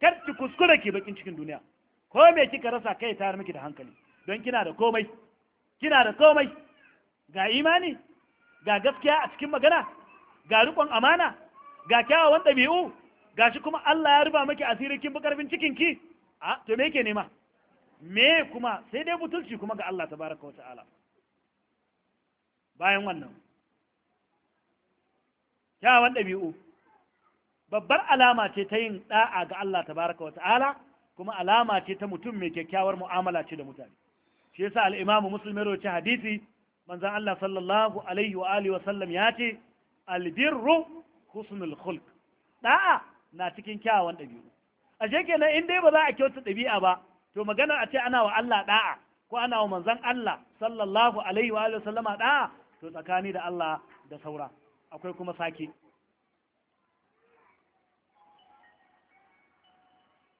kar ki kuskura ki bakin cikin duniya ko me kika rasa kai tayar miki da hankali don kina da komai kina da komai ga imani ga gaskiya a cikin magana ga rukon amana ga kyawawan ɗabi'u ga shi kuma Allah ya ruba maki asiri kin bi cikin ki a to me yake nema me kuma sai dai mutunci kuma ga Allah tabaraka wa ta'ala bayan wannan kyawawan ɗabi'u babbar alama ce ta yin ɗa'a ga Allah tabaraka wa ta'ala kuma alama ce ta mutum mai kyakkyawar mu'amala ce da mutane shi yasa al imam muslim ya hadisi manzon Allah sallallahu alaihi wa alihi wa sallam ya ce albirru husnul khulq da'a na cikin kyawawan ɗabi'u a kenan in dai ba za a kyauta ɗabi'a ba to magana a ce ana wa Allah da'a ko ana wa manzon Allah sallallahu alaihi wa alihi sallama da'a to tsakani da Allah da saura akwai kuma sake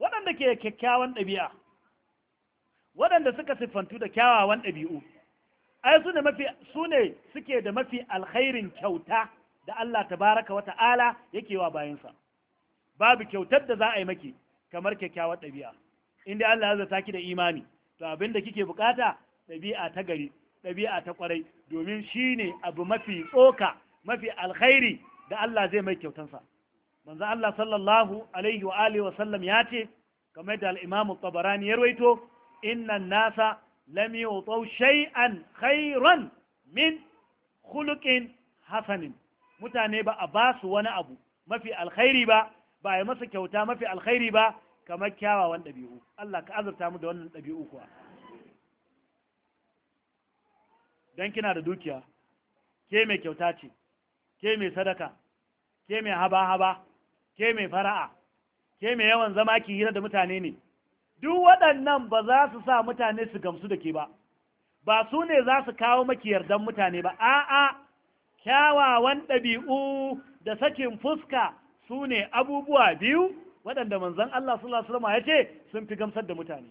waɗanda ke kyakkyawan ɗabi'a waɗanda suka siffantu da kyawawan ɗabi'u ai su ne mafi su ne suke da mafi alkhairin kyauta da Allah tabaraka wa ta'ala yake wa bayansa babu kyautar da za a yi maki kamar kyakkyawan ɗabi'a inda Allah ya zata ki da imani to abin da kike bukata ɗabi'a ta gari ɗabi'a ta kwarai domin shine abu mafi tsoka mafi alkhairi da Allah zai mai kyautansa manzo Allah sallallahu alaihi wa alihi wa sallam ya ce kamar da al-Imam tabarani ya rawaito innan nasa lam yu'taw shay'an khairan min khuluqin hasanin mutane ba a basu wani abu mafi alkhairi ba ba a yi masa kyauta mafi alkhairi ba kamar kyawawan ɗabi'u Allah ka azurta mu da wannan ɗabi'u kuwa don kina da dukiya ke mai kyauta ce ke mai sadaka ke mai haba-haba ke mai fara'a ke mai yawan zama ki hira da mutane ne duk waɗannan ba za su sa mutane su gamsu da ke ba ba su ne za su kawo maki yardan mutane ba a'a kyawawan ɗabi'u da sakin fuska su ne abubuwa biyu waɗanda manzan Allah sallallahu alaihi wasallam ya ce sun fi gamsar da mutane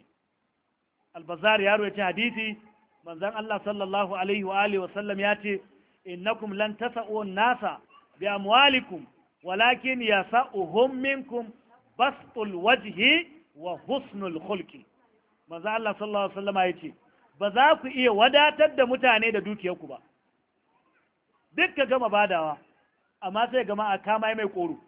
albazar yaro ya ce hadisi manzan Allah sallallahu alaihi wa alihi wasallam ya ce innakum lan tasa'u nasa bi amwalikum walakin yasa'uhum minkum bastul wajhi wa husnul khulqi manzan Allah sallallahu alaihi wasallam ya ce ba za ku iya wadatar da mutane da dukiyarku ba duk ka gama badawa amma sai gama a kama mai koro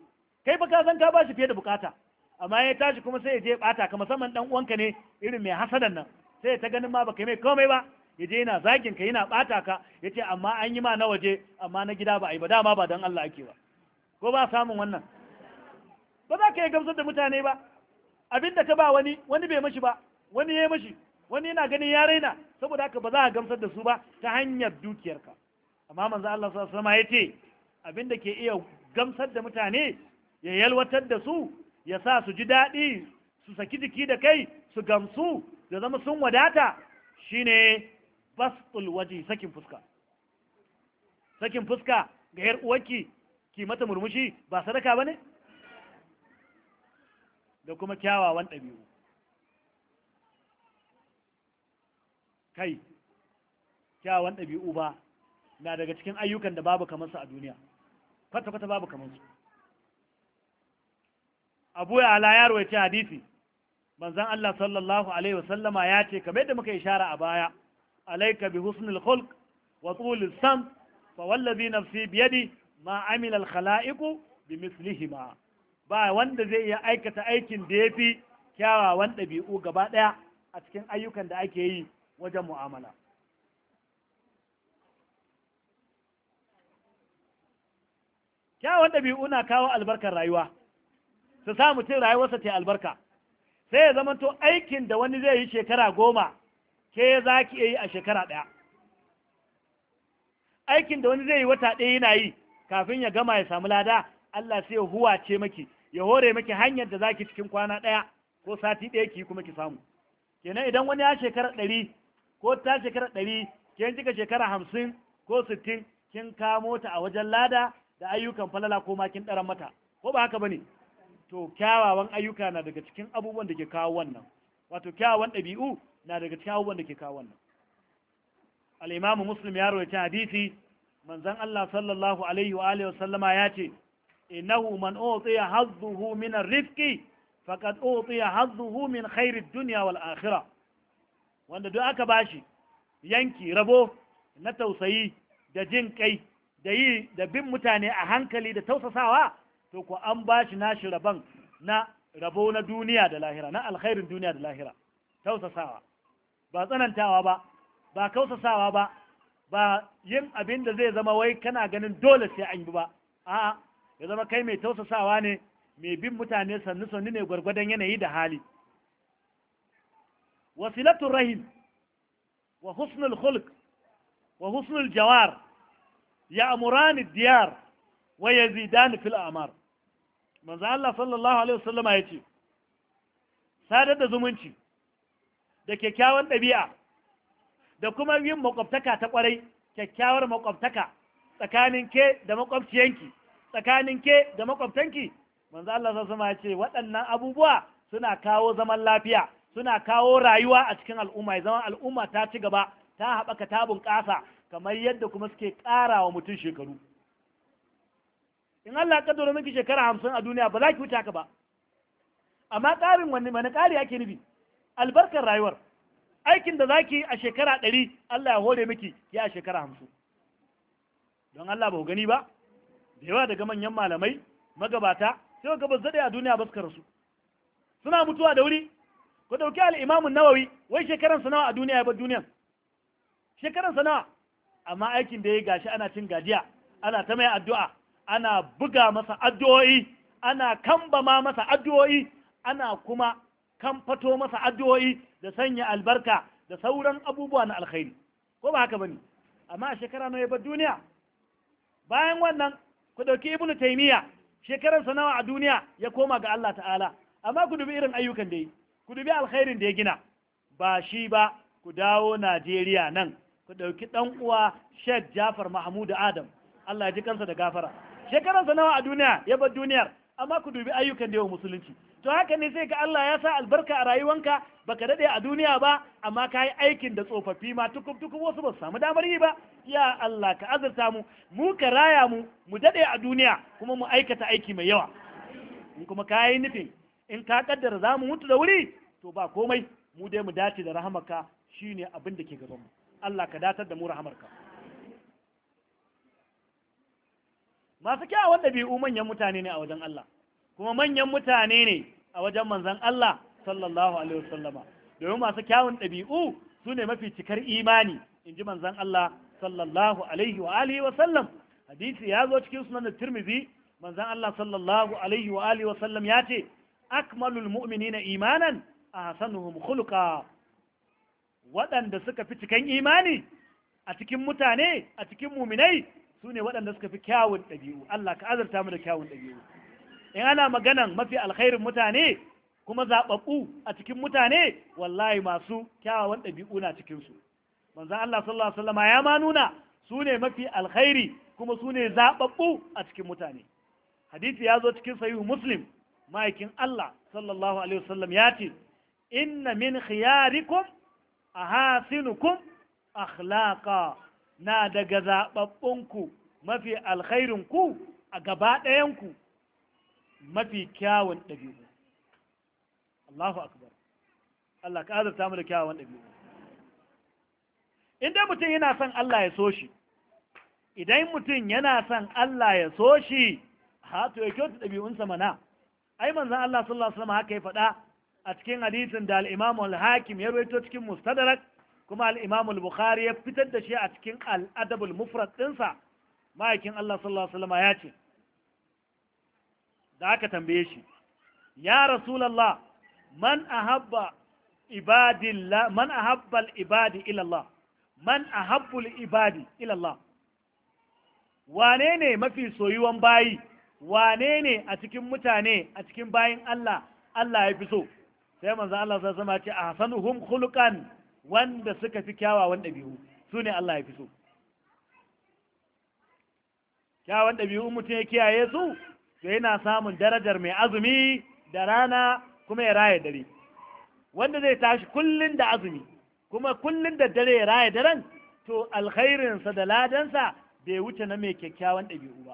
kai fa ka san ka bashi fiye da bukata amma ya tashi kuma sai ya je bata ka musamman dan uwanka ne irin mai hasadan nan sai ta ganin ma baka mai komai ba ya je yana zagin ka yana bata ka yace ce amma an yi ma na waje amma na gida ba ai yi ba dama ba dan Allah ake ba ko ba samun wannan ba za ka yi gamsar da mutane ba Abinda ka ba wani wani bai mashi ba wani ya mashi wani yana ganin ya raina saboda haka ba za ka gamsar da su ba ta hanyar dukiyarka amma manzo Allah sallallahu alaihi wasallam ya ce abinda ke iya gamsar da mutane ya yalwatar da su ya sa su ji daɗi su saki jiki da kai su gamsu da zama sun wadata shine bastul waje sakin fuska sakin fuska ga yar uwanki ki mata murmushi ba sadaka bane da kuma kyawawan ɗabi'u kai kyawawan ɗabi'u ba na daga cikin ayyukan da babu kamansu a duniya kwata-kwata babu kamansu abu ya ala yaro ya hadisi manzon Allah sallallahu alaihi wasallama ya ce kamar yadda muka ishara a baya Alayka bi husnil khulq wa tul sam fa wallazi nafsi yadi ma amila al khalaiqu bi mislihima ba wanda zai iya aikata aikin da yafi kyawawan ɗabi'u gaba ɗaya a cikin ayyukan da ake yi wajen mu'amala Kyawawan ɗabi'u na kawo albarkar rayuwa su sa mutum rayuwarsa ta albarka sai ya zamanto aikin da wani zai yi shekara goma ke za ki yi a shekara ɗaya aikin da wani zai yi wata ɗaya yana yi kafin ya gama ya samu lada Allah sai ya huwace maki ya hore maki hanyar da zaki cikin kwana ɗaya ko sati ɗaya ki kuma ki samu kenan idan wani ya shekara ɗari ko ta shekara ɗari kin cika shekara hamsin ko sittin kin kamo ta a wajen lada da ayyukan falala ko makin kin ɗaran mata ko ba haka ba ne to kyawawan ayyuka na daga cikin abubuwan da ke kawo wannan wato kyawawan ɗabi'u na daga cikin abubuwan da ke kawo wannan al-imamu muslim ya rawaita hadisi manzon Allah sallallahu alaihi wa alihi wasallama ya ce innahu man utiya hazzuhu min ar-rifqi faqad utiya hazzuhu min khairid dunya wal akhirah wanda duk aka bashi yanki rabo na tausayi da jin kai da yi da bin mutane a hankali da tausasawa to ko an ba shi nashi rabon na rabo na duniya da lahira na alkhairin duniya da lahira tausasawa ba tsanantawa ba ba kausasawa ba ba yin abin da zai zama wai kana ganin dole sai an yi ba a'a ya zama kai mai tausasawa ne mai bin mutane sannu sannu ne gwargwadon yanayi da hali wasilatul rahim wa husnul khulq wa husnul jawar ya amurani diyar wa yazidani fil amar manzo Allah sallallahu alaihi ya ce sadar da zumunci da kyakkyawan ɗabi'a da kuma yin makwabtaka ta ƙwarai kyakkyawar makwabtaka tsakanin ke da makwabciyanki tsakanin ke da makwabtanki manzo Allah sallallahu alaihi ya yace waɗannan abubuwa suna kawo zaman lafiya suna kawo rayuwa a cikin al'umma ya zama al'umma ta ci gaba ta haɓaka ta bunƙasa kamar yadda kuma suke ƙara wa mutum shekaru in Allah ka kaddara miki shekara hamsin a duniya ba za ki wuce ka ba amma ƙarin wani mana ƙari ake nufi albarkar rayuwar aikin da za ki yi a shekara ɗari Allah ya hore miki ya a shekara hamsin don Allah ba gani ba da yawa daga manyan malamai magabata sai ga basu daɗe a duniya ba suka rasu suna mutuwa da wuri ku ɗauki al'imamun nawawi wai shekaran nawa a duniya ya bar duniyan shekaran nawa amma aikin da ya gashi ana cin gajiya ana ta mai addu'a ana buga masa addu'o'i ana kambama masa addu'o'i ana kuma kamfato masa addu'o'i da sanya albarka da sauran abubuwa na alkhairi ko ba haka ba ne? amma a shekara na ya bar duniya bayan wannan ku ɗauki ibnu taimiyya shekararsa sa nawa a duniya ya koma ga Allah ta'ala amma ku dubi irin ayyukan da yi ku dubi alkhairin da ya gina ba shi ba ku dawo Najeriya nan ku ɗauki ɗan uwa Sheikh Jafar Mahmud Adam Allah ya ji kansa da gafara shekaransa nawa a duniya ya bar duniyar amma ku dubi ayyukan da yawa musulunci to haka ne sai ga Allah ya sa albarka a rayuwanka baka dade a duniya ba amma ka yi aikin da tsofaffi ma tukutuku tukum wasu ba su samu damar yi ba ya Allah ka azurta mu mu ka raya mu mu dade a duniya kuma mu aikata aiki mai yawa in kuma ka yi nufin in ka kaddara za mu mutu da wuri to ba komai mu dai mu dace da rahamarka shine abin da ke gaban mu Allah ka datar da mu rahamarka masu kyawun ɗabi'u manyan mutane ne a wajen Allah kuma manyan mutane ne a wajen manzan Allah sallallahu alaihi wasallama domin masu kyawun ɗabi'u su ne mafi cikar imani in ji manzon Allah sallallahu alaihi wa alihi wa sallam hadisi ya zo cikin sunan tirmizi manzan Allah sallallahu alaihi wa alihi wa sallam ya ce akmalul mu'minina imanan ahsanuhum khuluqa waɗanda suka fi cikan imani a cikin mutane a cikin muminai su ne waɗanda suka fi kyawun ɗabi'u Allah ka azarta mu da kyawun ɗabi'u in ana maganan mafi alkhairin mutane kuma zaɓaɓɓu a cikin mutane wallahi masu kyawawan ɗabi'u na cikinsu manzan Allah sallallahu alaihi ya ma nuna su ne mafi alkhairi kuma su ne zaɓaɓɓu a cikin mutane hadisi ya zo cikin sahihu muslim ma'aikin Allah sallallahu alaihi wasallam ya ce inna min khiyarikum ahasinukum akhlaqa na daga zaɓaɓɓunku mafi alkhairinku a gaba ɗayanku mafi kyawun ɗabi'u Allahu akbar Allah ka azurta mu da kyawun ɗabi'u idan mutum yana son Allah ya so shi idan mutum yana son Allah ya so shi ha to ya kyauta ɗabi'unsa mana ai manzon Allah sallallahu alaihi wasallam haka ya faɗa a cikin hadisin da al-Imam al-Hakim ya rawaito cikin Mustadrak kuma Al'imamul bukhari ya fitar da shi a cikin al'adabul adab ɗinsa mufrad dinsa ma'aikin Allah sallallahu alaihi ya ce da aka tambaye shi ya rasulullah man ibadillah man a al-ibadi ila man a habbul ibadi ila wane ne mafi soyuwan bayi wane ne a cikin mutane a cikin bayin Allah Allah ya fi so sai manzo Allah sallallahu alaihi wasallam ya ce ahsanuhum wanda suka fi kyawawan ɗabi'u su ne Allah ya fi so kyawawan ɗabi'u mutum ya kiyaye su to yana samun darajar mai azumi da rana kuma ya raya dare wanda zai tashi kullun da azumi kuma kullun da dare ya raya daren to alkhairinsa da ladansa bai wuce na mai kyakkyawan ɗabi'u ba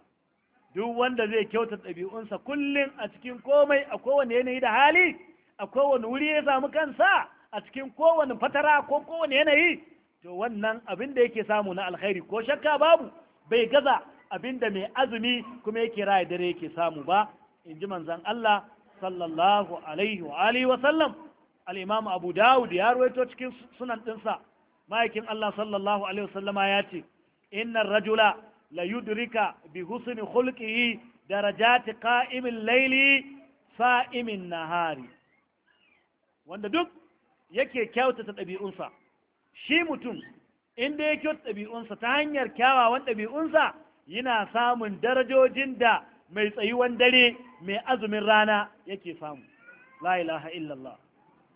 duk wanda zai kyauta ɗabi'unsa kullum a cikin komai a kowane yanayi da hali a kowane wuri ya samu kansa a cikin kowane fatara ko kowane yanayi to wannan abin da yake samu na alkhairi ko shakka babu bai gaza abin da mai azumi kuma yake raya dare yake samu ba in ji manzon Allah sallallahu alaihi wa alihi wa sallam al-imam Abu Dawud ya rawaito cikin sunan dinsa ma'aikin Allah sallallahu alaihi wa sallama ya ce innar rajula la yudrika bi husni khulqihi darajati qa'imil layli sa'imin nahari wanda duk yake kyautata ɗabi'unsa shi mutum inda ya kyautata ɗabi'unsa ta hanyar kyawawan ɗabi'unsa yana samun darajojin da mai tsayuwan dare mai azumin rana yake samu la ilaha illallah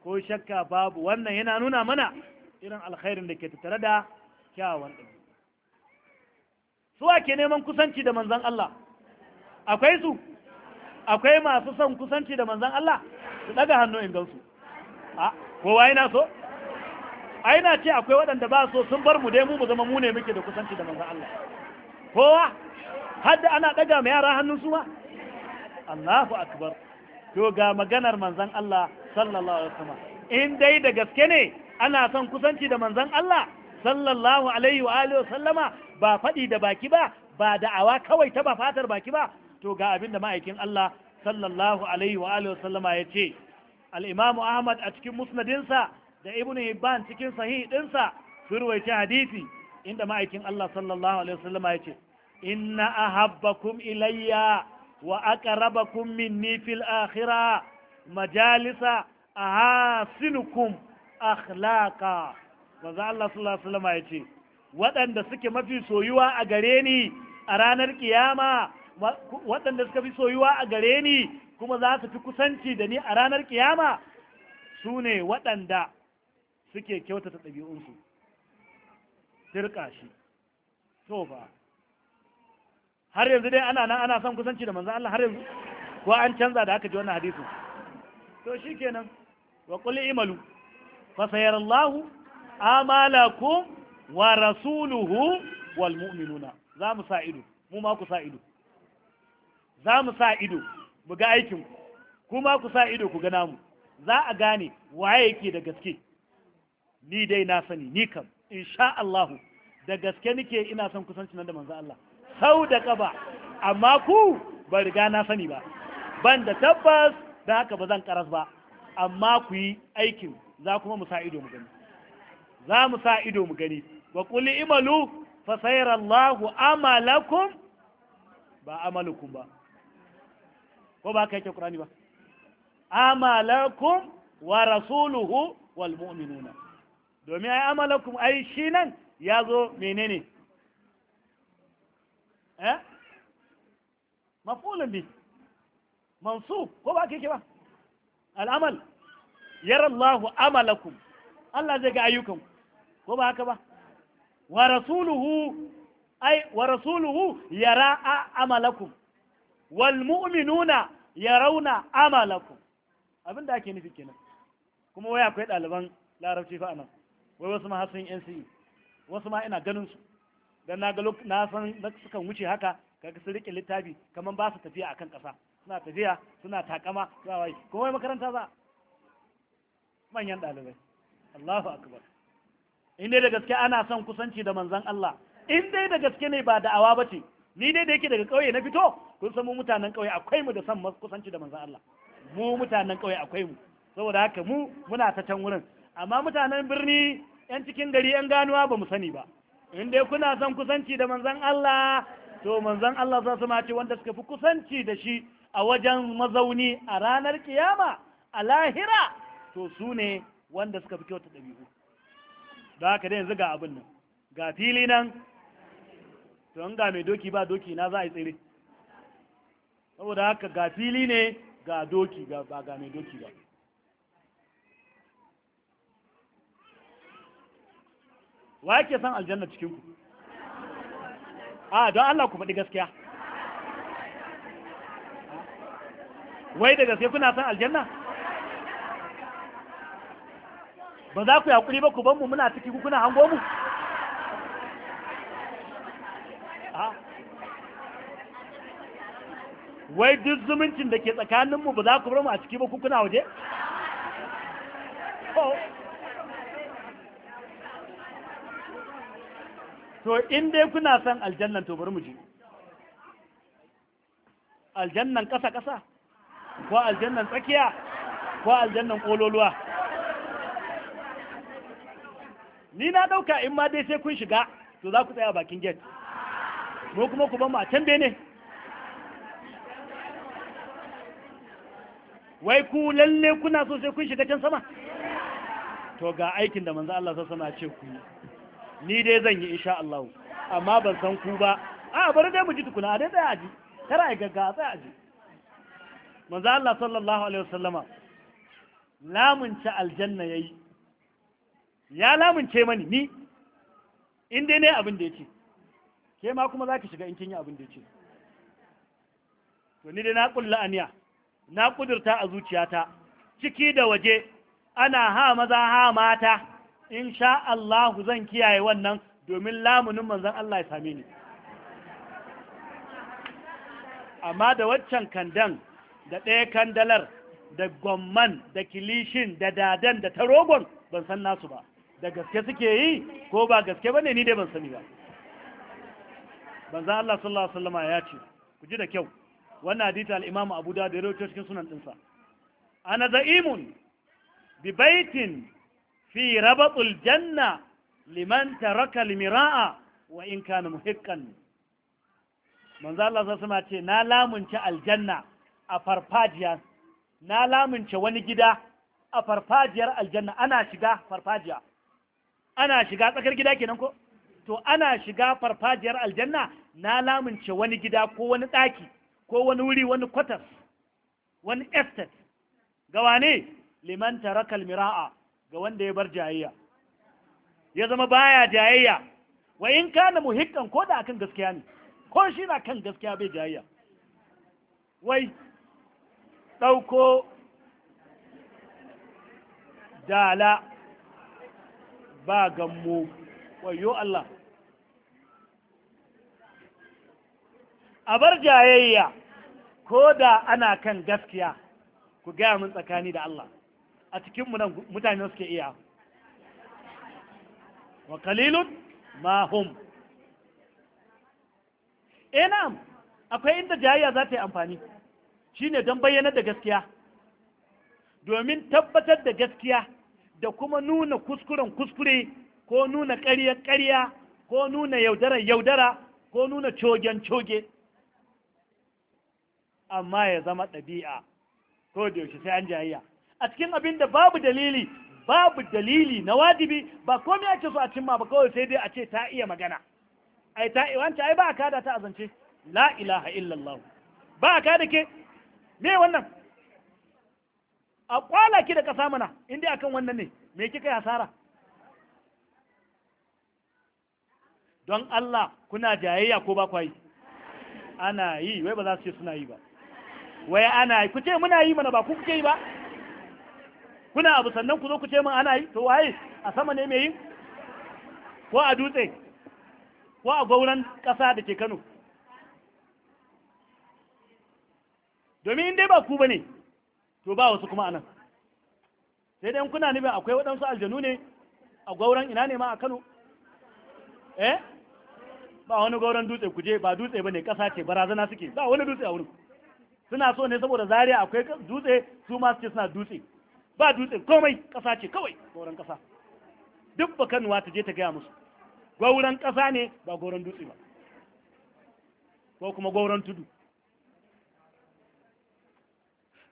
ko shakka babu wannan yana nuna mana irin alkhairin da ke tattare da kyawawan ɗabi'u ke neman kusanci da manzan Allah akwai su akwai masu son kusanci da manzan Allah su ɗaga hannu in gansu kowa yana so ai na ce akwai waɗanda ba so sun bar mu dai mu mu zama mu ne muke da kusanci da manzon Allah kowa Hadda ana ɗaga ma yara hannun su ma Allahu akbar to ga maganar manzan Allah sallallahu alaihi wasallam in dai da gaske ne ana son kusanci da manzan Allah sallallahu alaihi wa alihi wasallama ba faɗi da baki ba ba da'awa kawai ta ba fatar baki ba to ga abin da ma'aikin Allah sallallahu alaihi wa alihi wasallama ya ce al'imamu ahmad a cikin musnadinsa da ibn hibban cikin sahih ɗinsa surwaita hadisi inda ma'aikin allah sallallahu alaihi wasallam ya ce inna ahabbakum ilayya wa aka aqrabakum minni fil akhira, majalisa ahasinukum akhlaqa manzo allah sallallahu alaihi wasallam ya ce waɗanda suke mafi soyuwa a gare ni a ranar kiyama waɗanda suka fi soyuwa a gare ni kuma za su fi kusanci da ni a ranar kiyama su ne waɗanda suke kyautata ɗabi'unsu turka shi to ba har yanzu dai ana ana son kusanci da manzo Allah har yanzu ko an canza da aka ji wannan hadisin to shikenan wa qul imalu fa sayarallahu amalakum wa rasuluhu wal mu'minuna za mu sa ido mu ma ku sa ido za mu sa ido mu ga aikin kuma ku sa ido ku ga namu za a gane waye yake da gaske ni dai na sani ni kam insha Allah da gaske nike ina son kusanci nan da manzo Allah sau da kaba amma ku ba riga na sani ba ban da tabbas da haka ba zan karas ba amma ku yi aikin za kuma mu sa ido mu gani za mu sa ido mu gani wa qul imalu fa sayara Allahu amalakum ba amalukum ba ko ba ka ke qur'ani ba amalakum wa rasuluhu wal mu'minuna domin ai amalakum ai shi nan ya zo menene eh mafulun bi mansub ko ba ke ba al'amal yara Allah amalakum Allah zai ga ayyukanku ko ba haka ba wa rasuluhu ai wa rasuluhu yara amalakum wal mu'minuna yarawna amalakum abin da ake nufi kenan kuma wai akwai ɗaliban larabci fa anan wai wasu ma har sun NCE wasu ma ina ganin su dan na ga na san sukan wuce haka kaga su rike littafi kaman ba su tafiya akan ƙasa suna tafiya suna takama suna wai kuma wai makaranta za manyan ɗalibai Allahu akbar in dai da gaske ana son kusanci da manzon Allah in dai da gaske ne ba da'awa bace ni dai da yake daga kauye na fito kun san mu mutanen ƙauye akwai mu da san kusanci da manzon Allah mu mutanen ƙauye akwai mu saboda haka mu muna ta can wurin amma mutanen birni yan cikin gari yan ganuwa ba mu sani ba in dai kuna san kusanci da manzon Allah to manzon Allah za su ce wanda suka fi kusanci da shi a wajen mazauni a ranar kiyama a lahira to su ne wanda suka fi kyauta ɗabi'u da haka dai yanzu ga abin nan ga fili nan to in ga mai doki ba doki na za a yi tsere saboda haka ga fili ne ga doki ga ba ga mai doki ba wa yake san aljanna cikin ku a ah, don Allah ku faɗi gaskiya wai da gaske kuna san aljanna ba za ku yaƙuri ba ku ban mu muna ciki kuna hango mu ah. wai duk zumuncin da ke tsakaninmu ba za ku bar mu a ciki ba kuna waje? Oh. to in dai kuna son aljannan to bari mu ji aljannan ƙasa-ƙasa ko aljannan tsakiya ko aljannan ƙololuwa ni na ɗauka in ma dai sai kun shiga to za ku tsaya bakin gate Mu kuma ku ban mu a can bene ne wai ku lalle kuna so sai kun shiga can sama to ga aikin da manzo Allah sassana ce ku yi ni dai zan yi insha Allah amma ban san ku ba a bari dai mu ji tukuna dai tsaya aji kar ai gagga tsaya aji manzo Allah sallallahu alaihi wasallama lamunce aljanna yayi ya lamunce mani ni in dai ne abin da yake ke ma kuma zaki shiga in kin yi abin da yake to ni dai na kullu aniya na kudurta a zuciyata ciki da waje ana ha maza ha mata in sha Allahu zan kiyaye wannan domin lamunin manzon Allah ya same ni amma da waccan kandan da ɗaya kandalar da gwamman da kilishin da dadan da tarogon ban san nasu ba da gaske suke yi ko ba gaske ba ne ni dai ban sani ba banzan Allah sallallahu Alaihi wasallama ya ce ku ji da kyau wannan hadisi Alimamu imamu abu da da rawaito cikin sunan ɗinsa. ana za'imun bi baitin fi rabatul janna liman taraka al wa in kana muhiqqan manzo Allah sai sama ce na lamunce aljanna a farfajiya na lamunce wani gida a farfajiyar aljanna ana shiga farfajiya ana shiga tsakar gida kenan ko to ana shiga farfajiyar aljanna na lamunce wani gida ko wani ɗaki ko wani wuri wani kwatas wani estet ga wane liman taraka mira'a ga wanda ya bar jayayya ya zama baya jayayya wa in kana muhikkan ko da akan gaskiya ne ko shi na kan gaskiya bai jayayya wai ɗauko dala ba gammo wayo Allah a bar jayayya ko da ana kan gaskiya ku gaya min tsakani da Allah a cikinmu nan mutane suke iya wa kalilun ma hum eh, akwai inda jayayya za ta yi amfani shine don bayyanar da gaskiya domin tabbatar da gaskiya da kuma nuna kuskuren kuskure ko nuna ƙarya ƙarya ko nuna yaudara yaudara ko nuna cogen coge amma ya zama ɗabi'a ko da yaushe sai an jayayya a cikin abin da babu dalili babu dalili na wajibi ba komai ake so a cimma ba kawai sai dai a ce ta iya magana ai ta wancan ai ba a kada ta azance la ilaha illallah ba a kada ke me wannan a kwala ki da kasa mana inda akan wannan ne me kika yi hasara don Allah kuna jayayya ko ba kwa ana yi wai ba za su ce suna yi ba wai ana yi ku ce muna yi mana ba ku kuke yi ba kuna abu sannan ku zo ku ce mun ana yi to waye a sama ne mai yi ko a dutse ko a gauran ƙasa da ke Kano domin in dai ba ku bane to ba wasu kuma anan sai dai kuna nufin akwai waɗansu aljanu ne a gauran ina ne ma a Kano eh ba wani gauran dutse ku je ba dutse bane ƙasa ce barazana suke ba wani dutse a wurin suna so ne saboda zaria akwai dutse su ma ce suna dutse ba dutse komai kasa ce kawai goron kasa duk kanuwa ta je ta gaya musu gwauran kasa ne ba goron dutse ba ko kuma gwauran tudu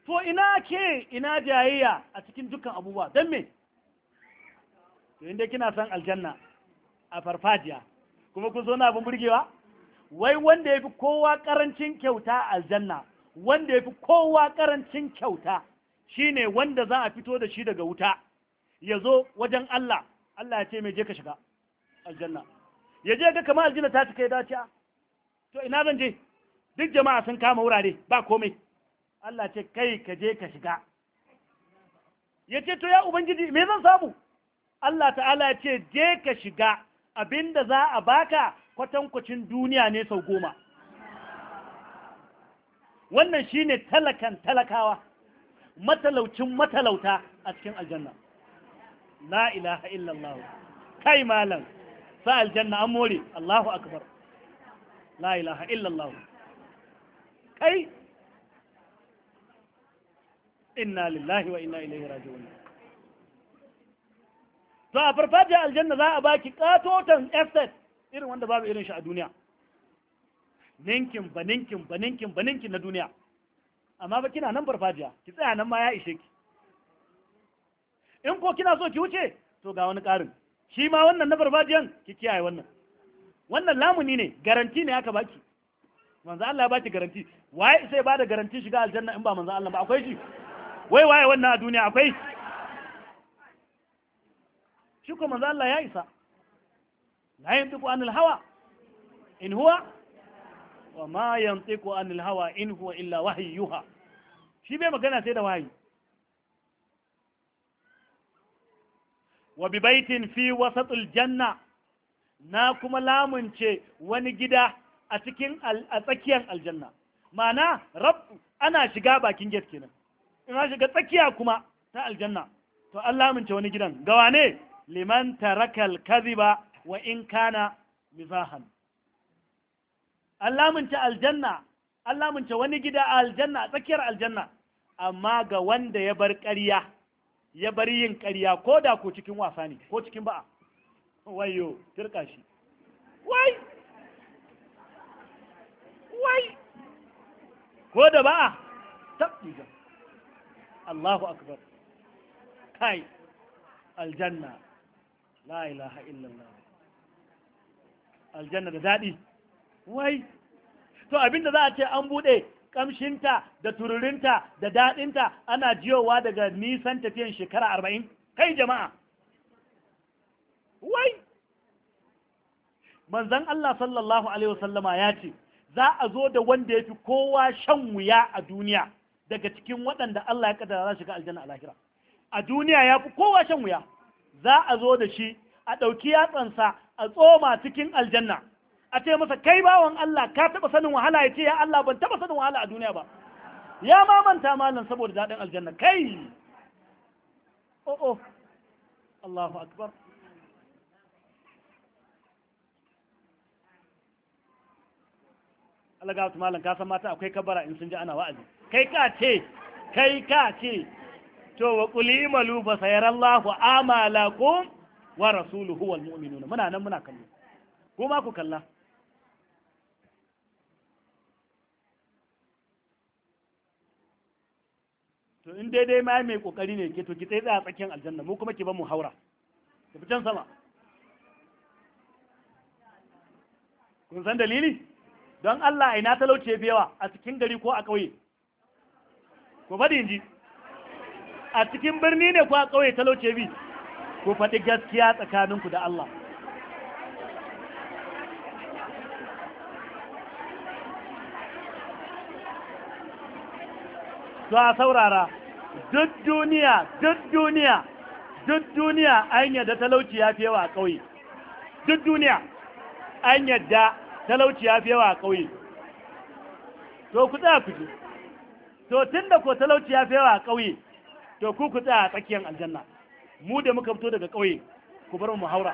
to ina ke ina jayayya a cikin dukkan abubuwa don me to inda kina san aljanna a farfajiya kuma kun zo na abin burgewa wai wanda ya fi kowa karancin kyauta aljanna wanda ya fi kowa ƙarancin kyauta shine wanda za a fito da shi daga wuta ya zo wajen Allah Allah ya ce mai je ka shiga aljanna ya je ga kamar aljanna ta cika ya dace ah, to ina zan je duk jama'a sun kama wurare ba komai Allah ce kai ka je ka shiga ya ce to ya ubangiji me zan samu Allah ta'ala ya ce je ka shiga abinda za a baka kwatankwacin duniya ne sau goma wannan shi ne talakan talakawa matalaucin matalauta a cikin aljanna la ilaha illallah kai malam sa aljanna an more Allahu akbar la ilaha illallah kai inna lillahi wa inna ilaihi raji'un to a farfajiyar aljanna za a baki katotan estate irin wanda babu irin shi a duniya ninkin ba ninkin ba ninkin ba ninkin na duniya amma ba kina nan farfajiya ki tsaya nan ma ya ishe ki in ko kina so ki wuce to ga wani ƙarin shi ma wannan na farfajiyan ki kiyaye wannan wannan lamuni ne garanti ne aka baki manzo Allah ya baki garanti waye sai ba da garanti shiga aljanna in ba manzo Allah ba akwai shi wai waye wannan a duniya akwai shi ko manzo Allah ya isa la yantiqu anil hawa in huwa wa ma yantiku anil hawa in huwa illa wahyuha shi bai magana sai da wahayi wa bi baitin fi wasatul janna na kuma lamunce wani gida a cikin a tsakiyar aljanna ma'ana rab ana shiga bakin gate kenan in ina shiga tsakiya kuma ta aljanna to an lamunce wani gidan gawa ne liman tarakal kadhiba wa in kana mizahan an ta aljanna an ta wani gida a aljanna a tsakiyar aljanna amma ga wanda ya bar ƙarya ya bar yin ƙarya ko da ko cikin wasa ne ko cikin ba'a wayo turka shi wai wai ko da ba'a tabbiga Allahu akbar kai aljanna la ilaha illallah aljanna da daɗi wai to abinda za a ce an bude kamshinta da tururinta da daɗinta ana jiyowa daga nisan tafiyan shekara arba'in kai jama'a wai manzan Allah sallallahu alaihi wasallama ya ce za a zo da wanda ya fi kowa shan wuya a duniya daga cikin waɗanda Allah ya kaddara za shiga aljanna a lahira a duniya ya fi kowa shan wuya za a zo da shi a ɗauki yatsansa a tsoma cikin aljanna a ce masa kai bawan Allah ka taba sanin wahala ya ce ya Allah ban taba sanin wahala a duniya ba ya ma manta malam saboda daɗin aljanna kai oh oh Allahu akbar Allah ga malam ka san mata akwai kabara in sun ji ana wa'azi kai ka ce kai ka ce to wa quli malu amala amalakum wa rasuluhu wal muna nan muna kallo kuma ku kalla to in daidai ma mai kokari ne ke to ki tsaye a tsakiyar aljanna mu kuma ki ba mu haura ki fitan sama kun san dalili don Allah ina talauce fi yawa a cikin gari ko a ƙauye ko faɗi inji a cikin birni ne ko a ƙauye talauce bi ko faɗi gaskiya tsakaninku da Allah to a saurara duk duniya duk duniya duk duniya an yadda talauci ya fi yawa a ƙauye duk duniya an yadda talauci ya fi yawa a ƙauye to ku tsaya ku ji to tun da ko talauci ya fi yawa a ƙauye to ku ku tsaya a tsakiyar aljanna mu da muka fito daga ƙauye ku bar mu haura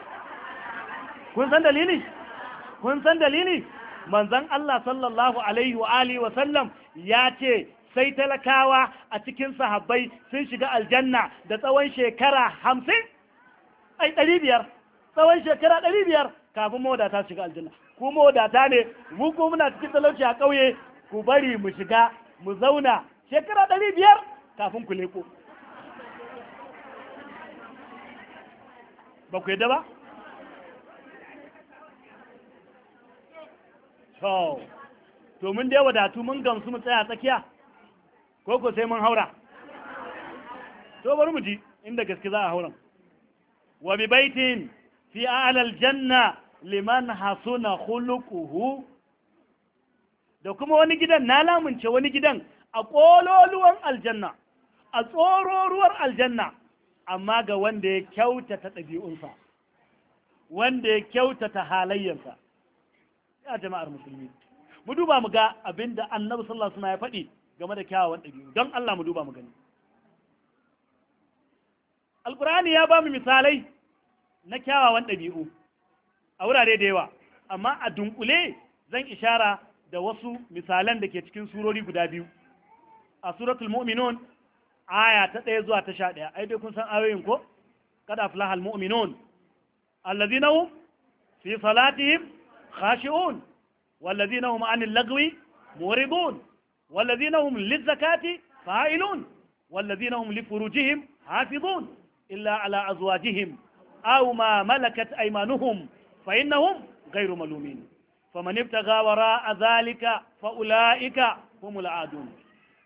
kun san dalili kun san dalili manzon Allah sallallahu alaihi wa alihi wa sallam ya ce sai talakawa a cikin sahabbai sun shiga aljanna da tsawon shekara hamsin ai ɗari biyar tsawon shekara ɗari biyar kafin mawadata shiga aljanna ku mawadata ne mu ko muna cikin talauci a ƙauye ku bari mu shiga mu zauna shekara ɗari biyar kafin ku leko ba ku yadda ba? to mun dai wadatu mun gamsu mu tsaya tsakiya ko ko sai mun haura to bari mu ji inda gaske za a haura wa bi baitin fi alal janna liman hasuna khuluquhu da kuma wani gidan na lamunce wani gidan a kololuwan aljanna a tsororuwar aljanna amma ga wanda ya kyautata ɗabi'unsa wanda ya kyautata halayyarsa ya jama'ar musulmi mu duba mu ga abinda annabi sallallahu alaihi wasallam ya faɗi game da kyawawan ɗabi'u don Allah mu duba mu gani Alƙur'ani ya ba mu misalai na kyawawan ɗabi'u a wurare da yawa amma a dunkule zan ishara da wasu misalan da ke cikin surori guda biyu a suratul mu'minun aya ta ɗaya zuwa ta sha ɗaya ai dai kun san ayoyin ko kada aflahal mu'minun allazina hum fi salatihim khashi'un wallazina hum anil lagwi moribun والذين هم للزكاة فاعلون والذين هم لفروجهم حافظون إلا على أزواجهم أو ما ملكت أيمانهم فإنهم غير ملومين فمن ابتغى وراء ذلك فأولئك هم العادون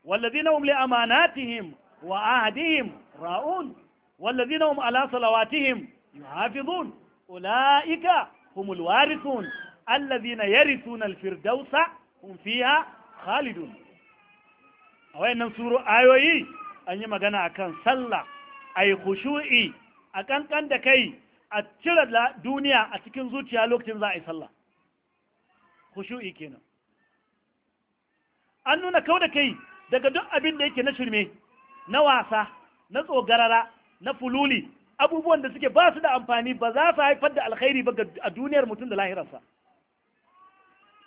والذين هم لأماناتهم وعهدهم راؤون والذين هم على صلواتهم يحافظون أولئك هم الوارثون الذين يرثون الفردوس هم فيها خالدون a wayannan suro ayoyi an yi magana akan sallah ai kushu'i a kankan da kai a cire duniya a cikin zuciya lokacin za a yi sallah khushu'i kenan an nuna kau da kai daga duk abin da yake na shirme na wasa na tsogarara na fululi abubuwan da suke ba su da amfani ba za su haifar da alkhairi ba a duniyar mutum da lahirarsa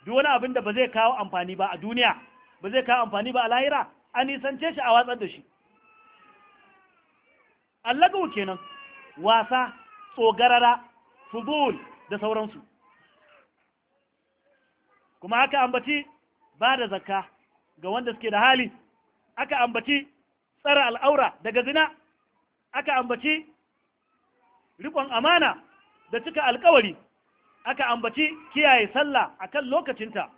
duk wani abin da ba zai kawo amfani ba a duniya ba zai kawo amfani ba a lahira a nisance shi a watsar da shi allagawo kenan wasa tsogarara fubul da sauransu kuma aka ambaci ba da zakka ga wanda suke da hali aka ambaci tsara al'aura daga zina aka ambaci rikon amana da cika alkawari aka ambaci kiyaye sallah akan lokacinta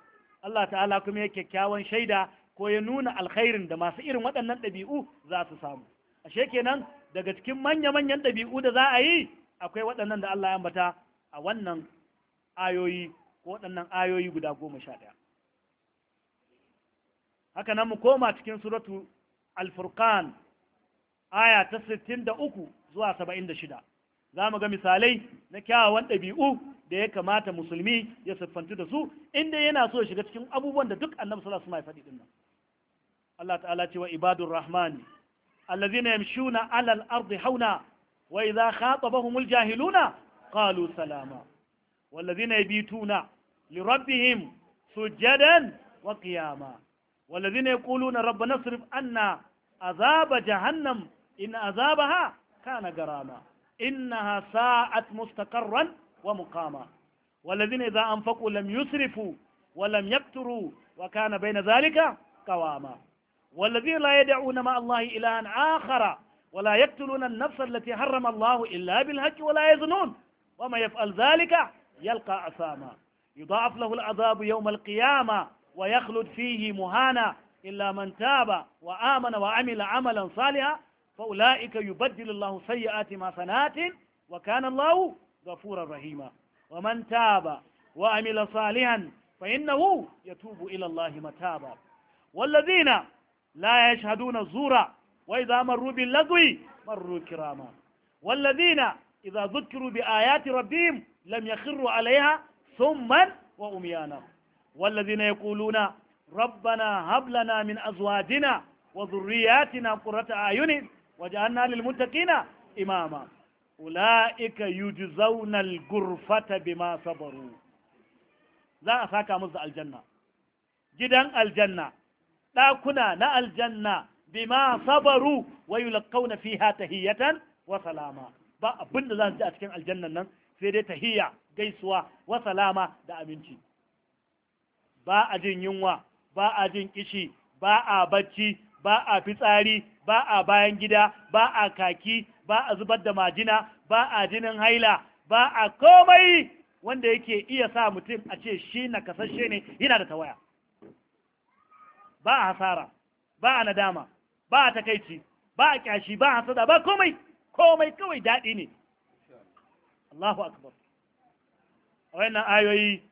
Allah ta'ala kuma ya kyakkyawan shaida ko ya nuna alkhairin da masu irin waɗannan ɗabi'u za su samu ashe kenan daga cikin manya-manyan ɗabi'u da za a yi akwai waɗannan da Allah ya ambata a wannan ayoyi ko waɗannan ayoyi guda goma sha ɗaya haka nan mu koma cikin suratu Alfurkan, aya ta sittin 63 zuwa saba'in 76 za mu ga misalai na kyawawan ɗabi'u da ya kamata musulmi ya siffantu da su inda yana so ya shiga cikin abubuwan da duk annabi sallallahu alaihi wasallam ya faɗi din الله تعالى ce wa ibadur rahmani allazina yamshuna alal ardi hauna wa idza khatabahumul والذين يبيتون لربهم سجدا وقياما والذين يقولون ربنا اصرف أن عذاب جهنم إن عذابها كان غراما إنها ساءت مستقرا ومقاما والذين إذا أنفقوا لم يسرفوا ولم يقتروا وكان بين ذلك قواما والذين لا يدعون مع الله أن آخر ولا يقتلون النفس التي حرم الله إلا بالهج ولا يزنون وما يفعل ذلك يلقى أثاما يضاعف له العذاب يوم القيامة ويخلد فيه مهانا إلا من تاب وآمن وعمل عملا صالحا فأولئك يبدل الله سيئات ما سنات وكان الله غفورا رحيما ومن تاب وعمل صالحا فإنه يتوب إلى الله متابا والذين لا يشهدون الزور وإذا مروا باللغو مروا كراما والذين إذا ذكروا بآيات ربهم لم يخروا عليها ثما وأميانا والذين يقولون ربنا هب لنا من أزواجنا وذرياتنا قرة أعين وجعلنا للمتقين إماما أولئك يجزون الغرفة بما صبروا لا أساك مزد الجنة جدا الجنة ɗakuna na aljanna bima sabaru wa yulqawna fiha tahiyatan wa salama ba abin da za ji a cikin aljannan nan sai dai tahiyya gaisuwa wa salama da aminci ba a jin yunwa ba a jin kishi ba a bacci ba a fitsari ba a bayan gida ba a kaki ba a zubar da majina ba a jinin haila ba a komai wanda yake iya sa mutum a ce shi na kasashe ne yana da tawaya ba a hasara ba a nadama ba a takaici ba a kyashi ba a hasada ba komai komai kawai daɗi ne Allahu akbar a wannan ayoyi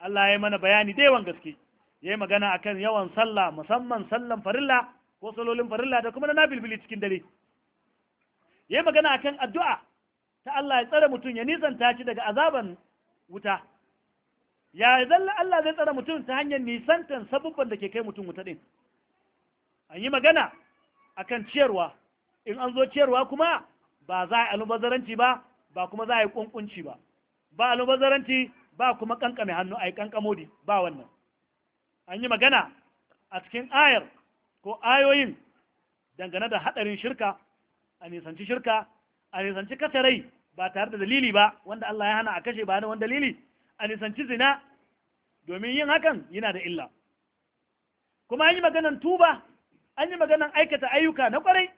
Allah ya yi mana bayani da yawan gaske ya magana akan yawan sallah musamman sallan farilla ko salolin farilla da kuma na nabilbili cikin dare ya magana akan addu'a ta Allah ya tsare mutum ya nisanta shi daga azaban wuta ya zalla Allah zai tsara mutum ta hanyar nisantan sabubban da ke kai mutum wuta ɗin an yi magana akan ciyarwa in an zo ciyarwa kuma ba za a yi alubazaranci ba ba kuma za a yi kunkunci ba ba alubazaranci ba kuma ƙanƙame hannu a yi kankamodi ba wannan an yi magana a cikin ayar ko ayoyin dangane da haɗarin shirka a nisanci shirka a nisanci kasarai ba tare da dalili ba wanda Allah ya hana a kashe ba wani dalili a nisanci zina domin yin hakan yana da illa kuma an yi maganan tuba an yi maganan aikata ayyuka na kwarai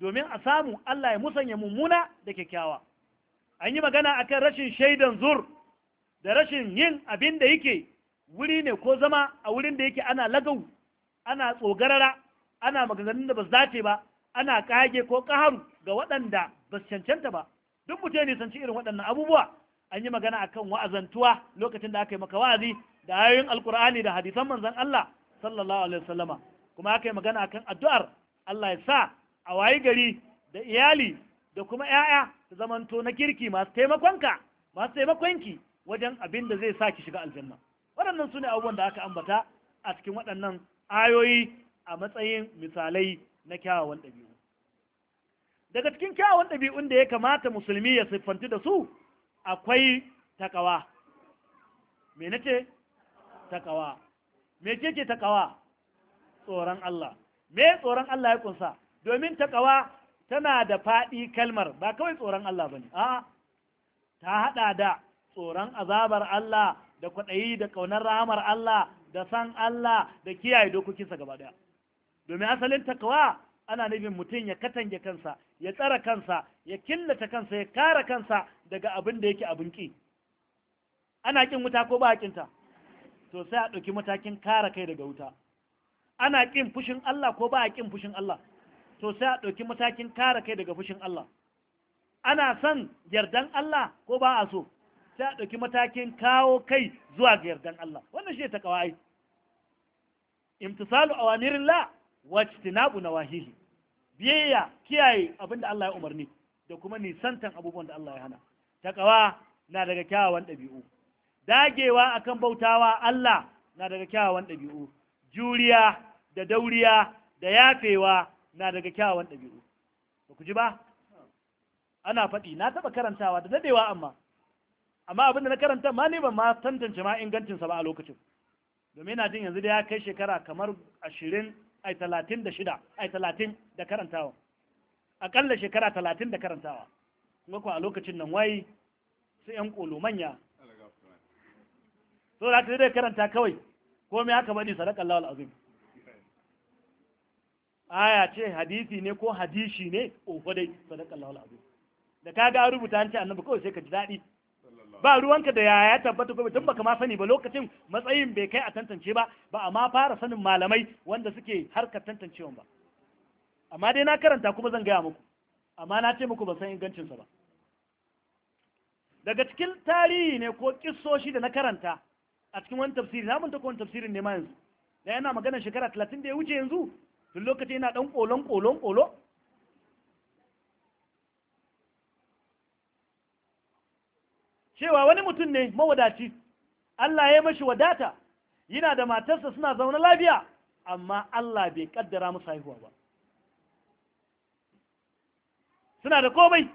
domin a samu Allah ya musanya mummuna da kyakkyawa an yi magana akan rashin shaidan zur da rashin yin abin da yake wuri ne ko zama a wurin da yake ana lagau ana tsogarara ana maganganun da ba su dace ba ana kage ko ƙaharu ga waɗanda ba su cancanta ba duk mutum ya nisanci irin waɗannan abubuwa an yi magana akan wa'azantuwa lokacin da aka yi maka wa'azi da ayoyin alkur'ani da hadisan manzon Allah sallallahu alaihi wasallama kuma aka yi magana kan addu'ar Allah ya sa a wayi gari da iyali da kuma ‘ya'ya su zamanto na kirki masu taimakonka masu taimakonki wajen abin da zai sa ki shiga aljanna waɗannan su ne abubuwan da aka ambata a cikin waɗannan ayoyi a matsayin misalai na kyawawan ɗabi'u daga cikin kyawawan ɗabi'un da ya kamata musulmi ya siffanti da su akwai takawa me nake takawa me ce takawa tsoron Allah me tsoron Allah ya kunsa domin takawa tana da faɗi kalmar ba kawai tsoron Allah bane a ta haɗa da tsoron azabar Allah da kwaɗayi da ƙaunar rahamar Allah da san Allah da kiyaye dokokinsa gaba daya domin asalin takawa ana nufin mutum ya katange kansa ya tsara kansa ya killata kansa ya kara kansa daga abin da yake abin ki ana kin wuta ko ba kinta to sai a ɗauki matakin kara kai daga wuta ana kin fushin Allah ko ba kin fushin Allah to sai a ɗauki matakin kara kai daga fushin Allah ana son yardan Allah ko ba a so sai a ɗauki matakin kawo kai zuwa ga yardan Allah wannan shi ta kawai imtisalu awamirillah wa na nawahihi biyayya kiyaye abin da Allah ya umarni da kuma nisantan abubuwan da Allah ya hana takawa na daga kyawawan ɗabi'u dagewa akan bautawa Allah na daga kyawawan ɗabi'u juriya da dauriya da yafewa na daga kyawawan ɗabi'u ba ku ji ba ana faɗi na taɓa karantawa da dadewa amma amma abin da na karanta ma ne ban ma tantance ma ingancinsa ba a lokacin domin na jin yanzu da ya kai shekara kamar ashirin ai talatin da shida ai talatin da karantawa aƙalla shekara talatin da karantawa kuma a lokacin nan wayi su yan ƙolo manya so da zai karanta kawai ko me haka bani sadaka Allah al'azim aya ce hadisi ne ko hadishi ne oho dai sadaka Allah al'azim da kaga rubuta an ce annabi kawai sai ka ji daɗi ba ruwanka da yaya ya tabbata ko tun baka ma sani ba lokacin matsayin bai kai a tantance ba ba amma fara sanin malamai wanda suke harkar tantancewa ba amma dai na karanta kuma zan gaya muku amma na ce muku ban san ingancinsa ba daga cikin tarihi ne ko kissoshi da na karanta a cikin wani tafsiri na manta ko wani tafsirin ne ma yanzu da yana magana shekara talatin da ya wuce yanzu duk lokacin yana dan kolon kolon kolo cewa wani mutum ne mawadaci Allah ya mashi wadata yana da matarsa suna zaune lafiya amma Allah bai kaddara musu haihuwa ba suna da komai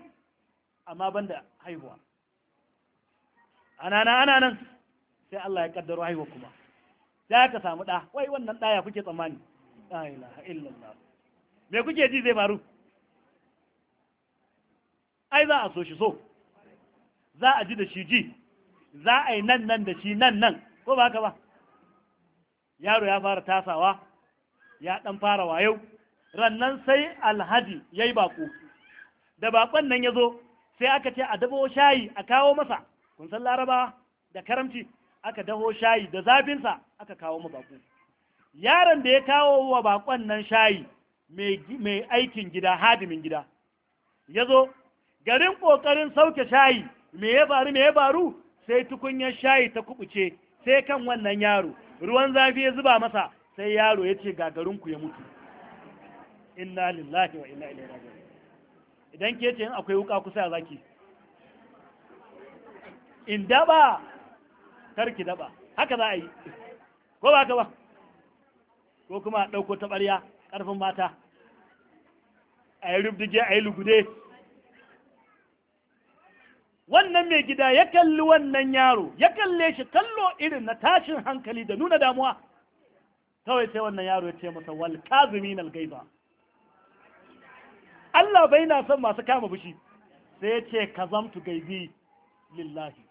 amma banda haihuwa anana nan nan sai Allah ya kaddaro haihuwa kuma da aka samu ɗa wai wannan ɗaya kuke tsammani la ilaha illallah me kuke ji zai faru ai za a so shi so za a ji da shi ji za a yi nan nan da shi nan nan ko ba haka ba yaro ya fara tasawa ya dan fara wayau rannan sai alhaji ya yi bako da bakon nan ya zo sai aka ce a dabo shayi a kawo masa kun san Laraba da karamci aka daho shayi da zafinsa aka kawo mu bako yaron da ya kawo wa bakon nan shayi mai aikin gida hadimin gida ya zo garin ƙoƙarin sauke shayi me ya faru me ya faru sai tukunyar shayi ta kubuce sai kan wannan yaro ruwan zafi ya zuba masa sai yaro ya ce gagarinku ya mutu inna lillahi wa inna ilaihi raji'un idan ke ce in akwai wuka kusa zaki in daba karki daba haka za a yi ko ba ka ba ko kuma ɗauko taɓarya karfin mata a yi rubdige a yi lugude wannan mai gida ya kalli wannan yaro ya kalle shi kallo irin na tashin hankali da nuna damuwa kawai sai wannan yaro ya ce masa wal kazimin al-gaiba Allah bai na son masu kama fushi sai ya ce ka zamtu gaibi lillahi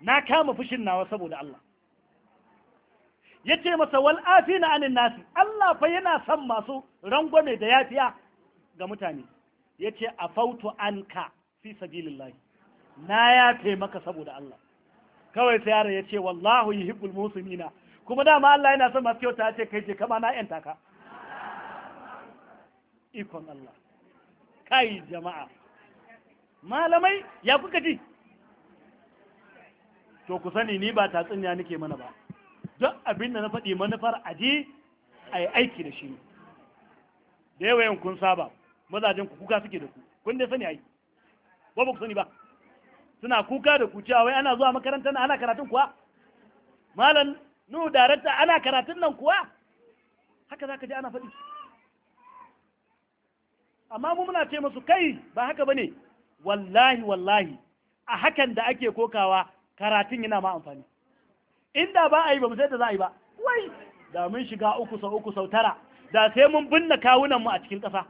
na kama fushin nawa saboda Allah ya ce masa wal afina anin nasi Allah fa yana son masu rangwame da yafiya ga mutane ya ce a fautu an ka fi sabilillahi na ya maka saboda Allah kawai sai yaron ya ce wallahu yuhibbul muslimina kuma dama Allah yana son masu kyauta ce kai je kama na yanta ka ikon Allah kai jama'a malamai ya kuka ji to ku sani ni ba tsinya nake mana ba duk abin da na faɗi manufar aji a aiki da shi da yawayen kun saba mazajen ku kuka suke da ku kun dai sani aiki ba ba ku sani ba suna kuka da ku cewa wai ana zuwa makarantar nan ana karatun kuwa malam nu darakta ana karatun nan kuwa haka zaka ji ana faɗi amma mu muna ce musu kai ba haka bane wallahi wallahi a hakan da ake kokawa karatun yana ma amfani inda ba a yi ba mu sai da za a yi ba wai da mun shiga uku sau uku sau tara da sai mun binne kawunan mu a cikin ƙasa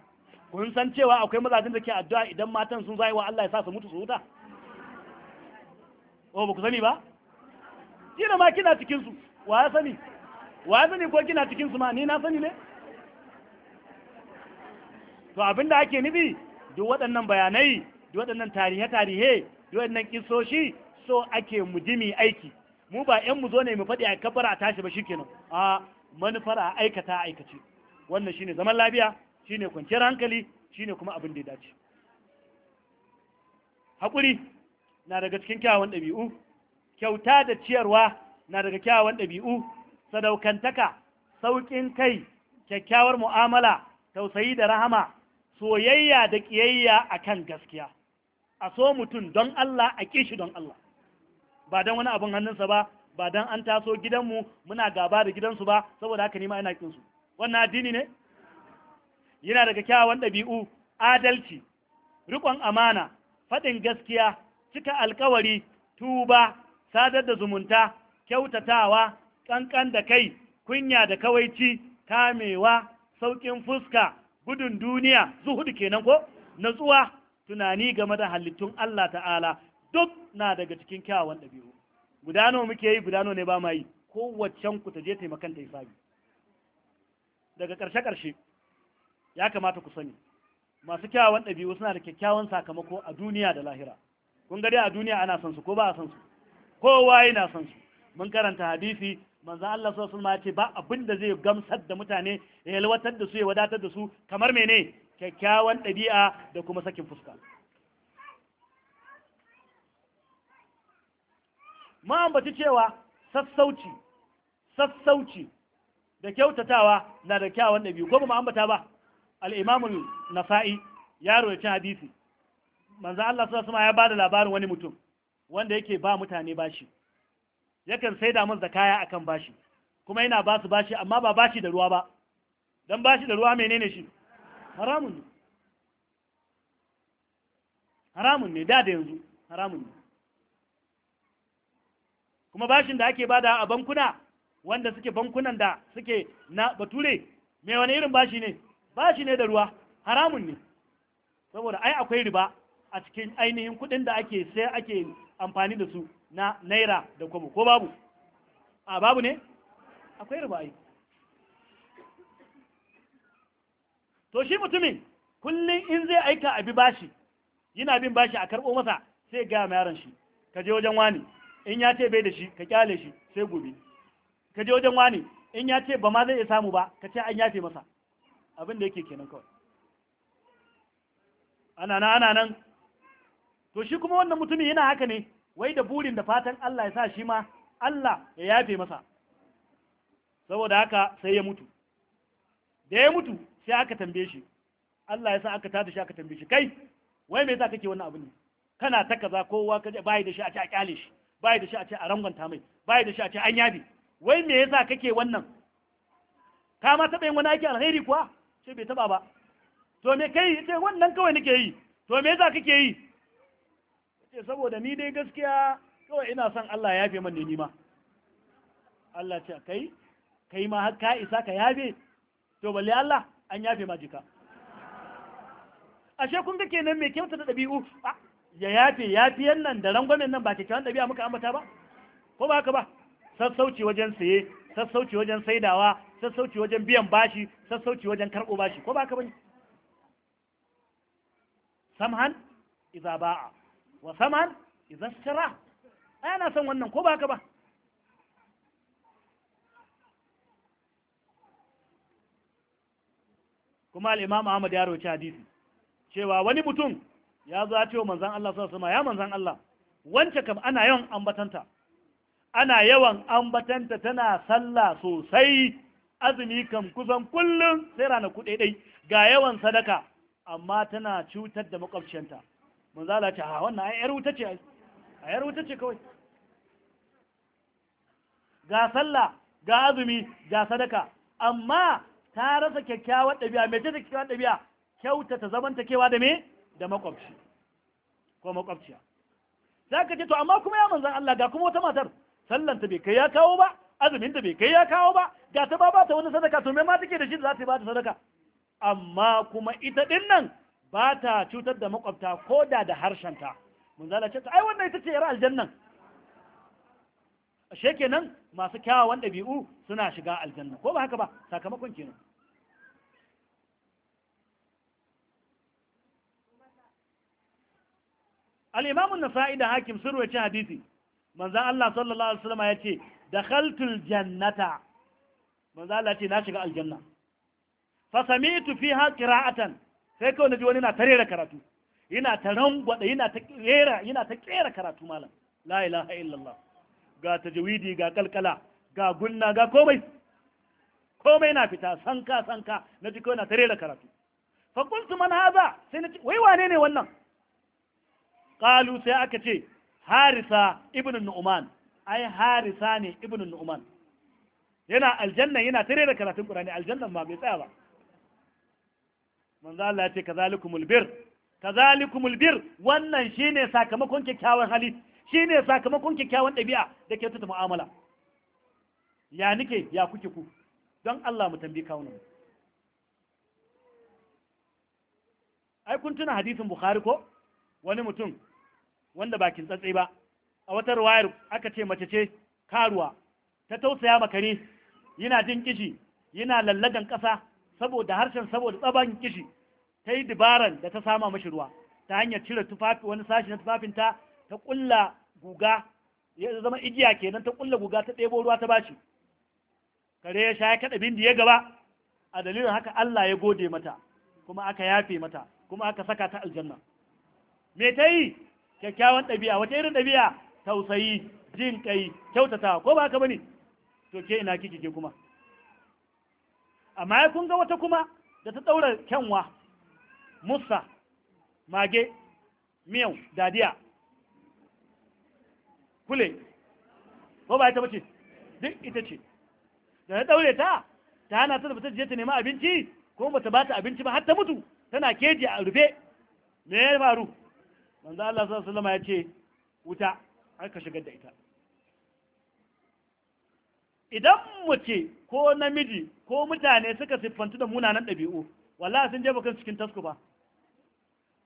kun san cewa akwai mazajen da ke addu'a idan matan sun zai wa Allah ya sa su mutu su huta o ba ku sani ba kina ma kina cikin su wa ya sani wa ya sani ko kina cikin su ma ni na sani ne to abinda ake nufi duk waɗannan bayanai duk waɗannan tarihe tarihe duk waɗannan kisoshi so ake mu jimi aiki mu ba ƴan mu zo ne mu faɗi a kabara a tashi ba shikenan a manufar a aikata aikace wannan shine zaman lafiya Shi ne kwanciyar hankali shi ne kuma abin da ya dace haƙuri na daga cikin kyawawan ɗabi'u kyauta da ciyarwa na daga kyawawan ɗabi'u sadaukantaka sauƙin kai kyakkyawar mu'amala tausayi da rahama soyayya da ƙiyayya a kan gaskiya a so mutum don Allah a ƙishi don Allah ba don wani abin hannunsa ba ba don an taso gidanmu muna gaba da gidansu ba saboda haka ma ina ƙinsu wannan addini ne yana daga kyawawan ɗabi'u adalci riƙon amana faɗin gaskiya cika alkawari tuba sadar da zumunta kyautatawa ƙanƙan da kai kunya da kawaici kamewa sauƙin fuska gudun duniya zuhudu kenan ko natsuwa tunani game da halittun Allah ta'ala duk na daga cikin kyawawan ɗabi'u gudano muke yi gudano ne ba ma yi kowaccen ku ta je taimakon ta yi daga ƙarshe ƙarshe ya kamata ku sani masu kyawawan ɗabi'u suna da kyakkyawan sakamako a duniya da lahira kun ga dai a duniya ana son su ko ba a son su kowa yana son su mun karanta hadisi manzo Allah sallallahu alaihi ce ba abin da zai gamsar da mutane ya yalwatar da su ya wadatar da su kamar mene kyakkyawan ɗabi'a da kuma sakin fuska ma'ambaci cewa sassauci sassauci da kyautatawa na da kyawawan ɗabi'u ko ba mu ambata ba al'imamul nasa'i ya roci hadisi manzo Allah sallallahu alaihi ya bada labarin wani mutum wanda yake ba mutane bashi yakan sai da da kaya akan bashi kuma yana ba su bashi amma ba bashi da ruwa ba dan bashi da ruwa menene shi haramun ne haramun ne da da yanzu haramun ne kuma bashin da ake bada a bankuna wanda suke bankunan da suke na bature me wani irin bashi ne ba shi ne da ruwa haramun ne saboda ai akwai riba a cikin ainihin kudin da ake sai ake amfani da su na naira da kwabo ko babu a babu ne akwai riba ai to shi mutumin kullum in zai aika abi bashi yana bin bashi a karbo masa sai ga yaron shi ka je wajen wani in ya ce bai da shi ka kyale shi sai gobe ka je wajen wani in ya ce ba ma zai iya samu ba ka ce an yafe masa abin da yake kenan kawai ana nan ana nan to shi kuma wannan mutumin yana haka ne wai da burin da fatan Allah ya sa shi ma Allah ya yafe masa saboda haka sai ya mutu da ya mutu sai aka tambaye shi Allah ya sa aka tada shi aka tambaye shi kai wai me yasa kake wannan abin ne kana ta kaza kowa kaje bai da shi a ce a kyale shi bai da shi a ce a rangwanta mai bai da shi a ce an yabe wai me yasa kake wannan ka ma taɓa yin wani aiki alheri kuwa ce bai taba ba to me kai ce wannan kawai nake yi to me yasa kake yi ce saboda ni dai gaskiya kawai ina son Allah ya yafe min ni ma Allah ce kai kai ma har ka isa ka yafe to balle Allah an yafe ma jika ashe kun ga kenan me kyauta da dabi'u ya yafe yafiyan nan da rangwamen nan ba kyakkyawan dabi'a muka ambata ba ko ba haka ba sassauci wajen saye sassauci wajen saidawa sassauci wajen biyan bashi sassauci wajen karɓo bashi ko ba ka bane samhan idza ba'a wa saman idza shara ana son wannan ko ba ka ba kuma al-imam Ahmad ya roci hadisi cewa wani mutum ya zo ya ce wa manzon Allah sallallahu alaihi wasallam ya manzon Allah wance kam ana yawan ambatanta ana yawan ambatanta tana sallah sosai azumi kam kusan kullum sai ranaku ɗaiɗai ga yawan sadaka amma tana cutar da makwabciyanta mun zala ce ha wannan ai yar wuta ce a yar wuta ce kawai ga sallah ga azumi ga sadaka amma ta rasa kyakkyawar ɗabi'a me ce kyakkyawar ɗabi'a kyautata zamantakewa da me da makwabci ko makwabciya za ka ce to amma kuma ya manzan Allah ga kuma wata matar sallanta bai kai ya kawo ba azumin da bai kai ya kawo ba ga ta ba ta wani sadaka to me ma take da shi da za ta ba ta sadaka amma kuma ita din nan ba ta cutar da makwabta ko da da harshenta mun zala ce ai wannan ita ce yar aljannan ashe kenan masu kyawawan ɗabi'u suna shiga aljanna ko ba haka ba sakamakon kenan al-imamu nasa'i da hakim sun ruwaci hadisi manzan Allah sallallahu alaihi wasallam ya ce dakhaltul jannata manzan Allah ce na shiga aljanna Fasami sami'tu fiha qira'atan sai kawai na ji wani na tare da karatu yana ta rangwada yana ta kera karatu malam la ilaha illallah ga tajawidi ga kalkala ga gunna ga komai komai na fita sanka sanka ji kawai na tare da karatu fa qultu man haza. sai nace wai wane ne wannan qalu sai aka ce harisa ibn nu'man ai harisa ne ibn nu'man yana aljanna yana tare da karatun qur'ani aljanna ma bai tsaya ba manzo Allah ya ce kazalikumul bir kazalikumul bir wannan shine sakamakon kyakkyawan hali shine sakamakon kyakkyawan ɗabi'a da ke tuta mu'amala ya nike ya kuke ku don Allah mu tambi kawunan ai kun tuna hadisin bukhari ko wani mutum wanda ba kin tsatsai ba a wata ruwayar aka ce mace ce karuwa ta tausaya ma kare yana jin kishi yana lallagan ƙasa saboda harshen saboda tsaban kishi ta yi dabaran da ta sama mashi ruwa ta hanyar cire tufafi wani sashi na tufafinta ta kulla guga ya zama igiya kenan ta kulla guga ta ɗebo ruwa ta bashi kare ya sha ya kaɗa bindi ya gaba a dalilin haka Allah ya gode mata kuma aka yafe mata kuma aka saka ta aljanna me ta yi kyakkyawan ɗabi'a wata irin ɗabi'a tausayi jin kai kyautata ko ba haka bane to ke ina kike ke kuma amma ya kun ga wata kuma da ta ɗaura kyanwa musa mage miyau dadiya kule ko ba ita bace duk ita ce da ta ɗaure ta ta hana ta da ta je ta nema abinci ko ba ta ba ta abinci ba har ta mutu tana keji a rufe me ya faru manzo Allah sallallahu alaihi wasallam ya ce wuta har ka shigar da ita idan mace ko namiji ko mutane suka siffantu da munanan ɗabi'u wallahi sun je bakan cikin tasku ba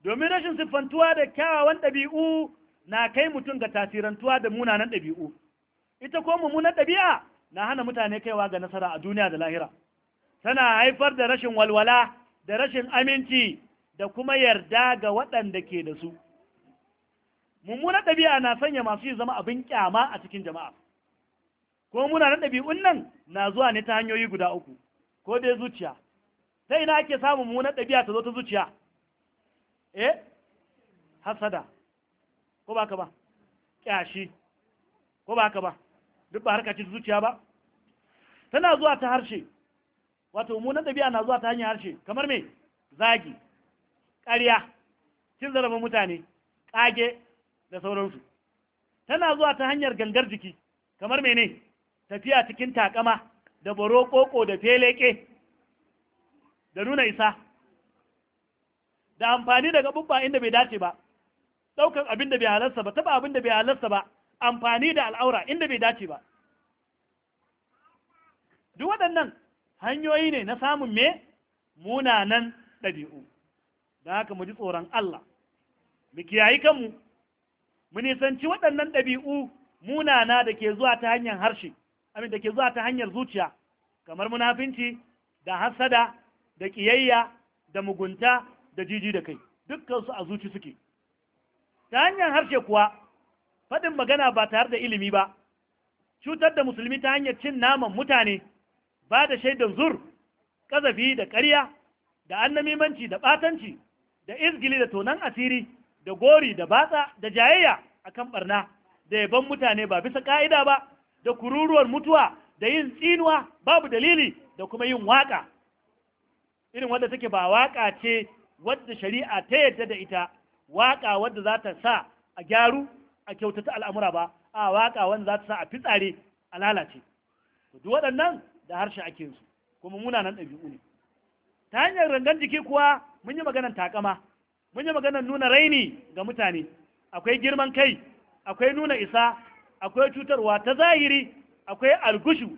domin rashin siffantuwa da kyawawan ɗabi'u na kai mutum ga tasirantuwa da munanan ɗabi'u ita ko mummunan ɗabi'a na hana mutane kaiwa ga nasara a duniya da lahira tana haifar da rashin walwala da rashin aminci da kuma yarda ga waɗanda ke da su Mummuna ɗabi'a na sanya masu yi zama abin kyama a cikin jama'a ko muna na ɗabi'un nan na zuwa ne ta hanyoyi guda uku ko dai zuciya ta ina ake samun mummunar ɗabi'a ta zo ta zuciya eh hasada ko ba ka ba ƙyashi ko ba ka ba duk ba harka zuciya ba tana zuwa ta harshe wato mummunar ɗabi'a na zuwa ta hanyar harshe kamar me zagi ƙarya cin zarafin mutane ƙage da sauransu tana zuwa ta hanyar gangar jiki kamar mene tafiya cikin takama da baro koko da feleke da nuna isa da amfani da gabubba inda bai dace ba ɗaukar abin da bai halarsa ba taba abin da bai halarsa ba amfani da al'aura inda bai dace ba duk waɗannan hanyoyi ne na samun me munanan ɗabi'u da haka mu ji tsoron Allah mu kiyayi kanmu mu nisanci waɗannan ɗabi'u munana da ke zuwa ta hanyar harshe amin da ke zuwa ta hanyar zuciya kamar munafinci da hasada da ƙiyayya da mugunta da jiji da kai dukkansu a zuci suke ta hanyar harshe kuwa faɗin magana ba tare da ilimi ba cutar da musulmi ta hanyar cin naman mutane ba da shaidan zur ƙazafi da ƙarya da annamimanci da ɓatanci da izgili da tonan asiri da gori da batsa da jayayya a kan barna da yaban mutane ba bisa ka'ida ba da kururuwar mutuwa da yin tsinuwa babu dalili da kuma yin waka irin wadda take ba waka ce wadda shari'a ta yadda da ita waka wadda za ta sa a gyaru a kyautata al'amura ba a waka wanda za ta sa a fitsare a lalace duk waɗannan da harshe ake su kuma muna nan ɗabi'u ne ta hanyar rangan jiki kuwa mun yi maganar takama mun yi maganar nuna raini ga mutane akwai girman kai akwai nuna isa akwai cutarwa ta zahiri akwai algushu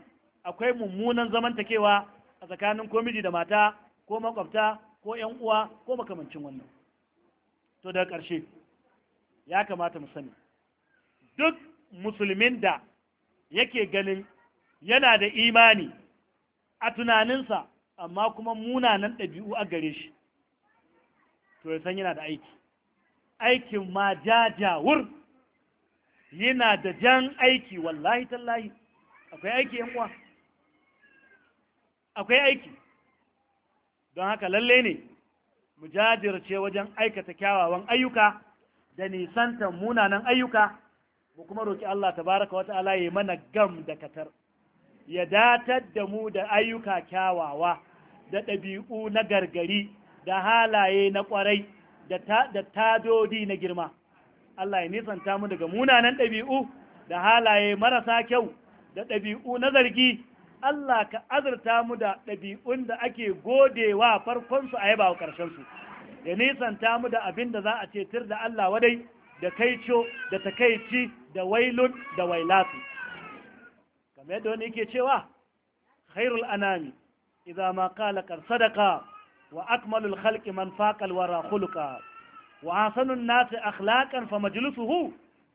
akwai mummunan zamantakewa a tsakanin komiji da mata ko makwabta ko yan uwa ko makamancin wannan to daga ƙarshe ya kamata mu sani duk musulmin da yake ganin yana da imani a tunaninsa amma kuma munanan ɗabi'u a gare shi to ya san yana da aiki aikin ma jajawur yana da jan aiki wallahi tallahi akwai aiki yan uwa akwai aiki don haka lalle ne mu jajirce wajen aikata kyawawan ayyuka da nisantar munanan ayyuka mu kuma roki Allah tabaraka wa ta'ala ya mana gam da katar ya datar da mu da ayyuka kyawawa da ɗabi'u na gargari da halaye na kwarai da tadodi na girma Allah ya nisanta mu daga munanan ɗabi'u da halaye marasa kyau da ɗabi'u na zargi Allah ka azurta mu da ɗabi'un da ake godewa farkonsu a yaba wa ƙarshensu ya nisanta mu da abin da za a cetar da Allah wadai da kaico da takaici da wailun da wailatu kamar yadda wani yake cewa khairul anami idan ma qala qad sadaqa وأكمل الخلق من فاق الورى خلقا وأحسن الناس أخلاقا فمجلسه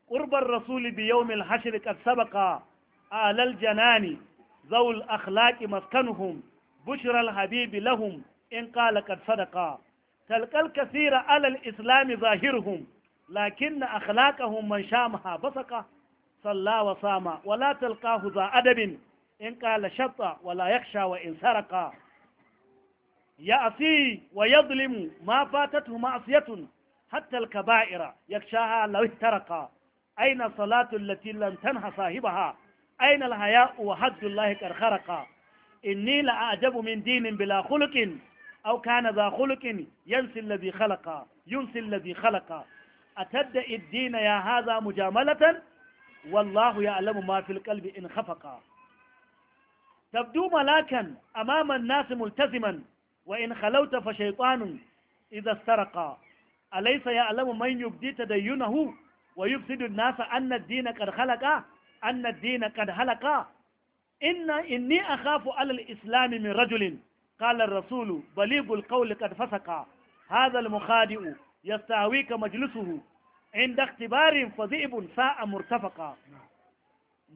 قرب الرسول بيوم الحشر قد سبق آل الجنان ذو الأخلاق مسكنهم بشرى الحبيب لهم إن قال قد صدقا تلقى الكثير على الإسلام ظاهرهم لكن أخلاقهم من شامها بصقا صلى وصام ولا تلقاه ذا أدب إن قال شط ولا يخشى وإن سرقا يعصي ويظلم ما فاتته معصية حتى الكبائر يخشاها لو احترق أين الصلاة التي لم تنهى صاحبها أين الحياء وحد الله قد إني لأعجب من دين بلا خلق أو كان ذا خلق ينسي الذي خلق ينسي الذي خلق أتدئ الدين يا هذا مجاملة والله يعلم ما في القلب إن خفق تبدو ملاكا أمام الناس ملتزما وإن خلوت فشيطان إذا استرقى أليس يعلم من يبدي تدينه ويفسد الناس أن الدين قد خلق أن الدين قد هلك إن إني أخاف على الإسلام من رجل قال الرسول بليغ القول قد فسق هذا المخادئ يستهويك مجلسه عند اختبار فذئب ساء مرتفقا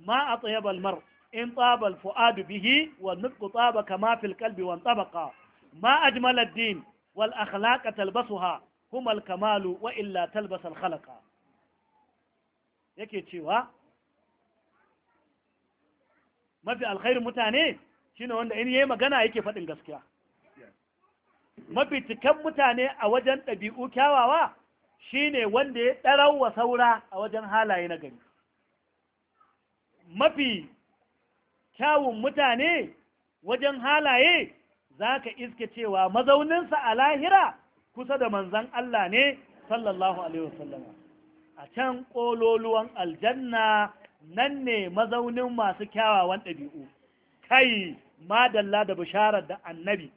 ما أطيب المرء إن طاب الفؤاد به والنطق طاب كما في القلب وانطبقا ma ajmalar din wal akhlaqa talbasuha kuma al-kamalu wa'illa illa talbasa yake cewa mafi alkhairin mutane shine wanda in yayi magana yake fadin gaskiya mafi cikan mutane a wajen ɗabi'u kyawawa shine wanda ya ɗarau wa saura a wajen halaye na gari mafi kyawun mutane wajen halaye za ka iske cewa mazauninsa a lahira kusa da manzan Allah ne sallallahu alaihi wasallama a can ƙololuwan aljanna nan ne mazaunin masu kyawawan ɗabi'u kai madalla da bisharar da annabi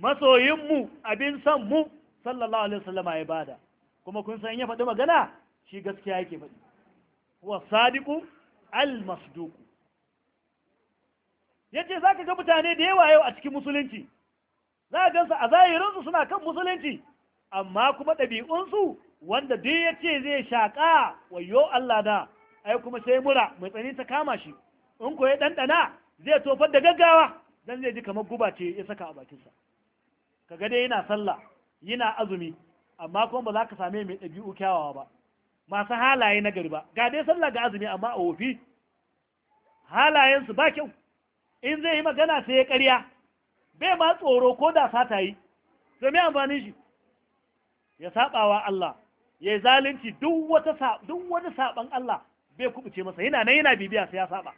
masoyinmu abin son mu sallallahu alaihi wasallama ya bada kuma kun san ya faɗi magana shi gaskiya yake faɗi wa sadiqu al ya ce za ka ga mutane da yawa yau a cikin musulunci za a gansu a zahirinsu suna kan musulunci amma kuma ɗabi'unsu wanda duk ya ce zai shaƙa wayo Allah na ai kuma sai mura mai tsani ta kama shi in ko ya ɗanɗana zai tofar da gaggawa dan zai ji kamar guba ce ya saka a bakinsa kaga dai yana sallah yana azumi amma kuma ba za ka same mai ɗabi'u kyawawa ba masu halaye na gari ba ga dai sallah ga azumi amma a wofi halayensu ba kyau in zai yi magana sai ya ƙarya bai ma tsoro ko da sata yi to me amfani shi ya sabawa Allah ya yi zalunci duk wata saɓan wani saban Allah bai kubuce masa yana nan yana bibiya sai ya saba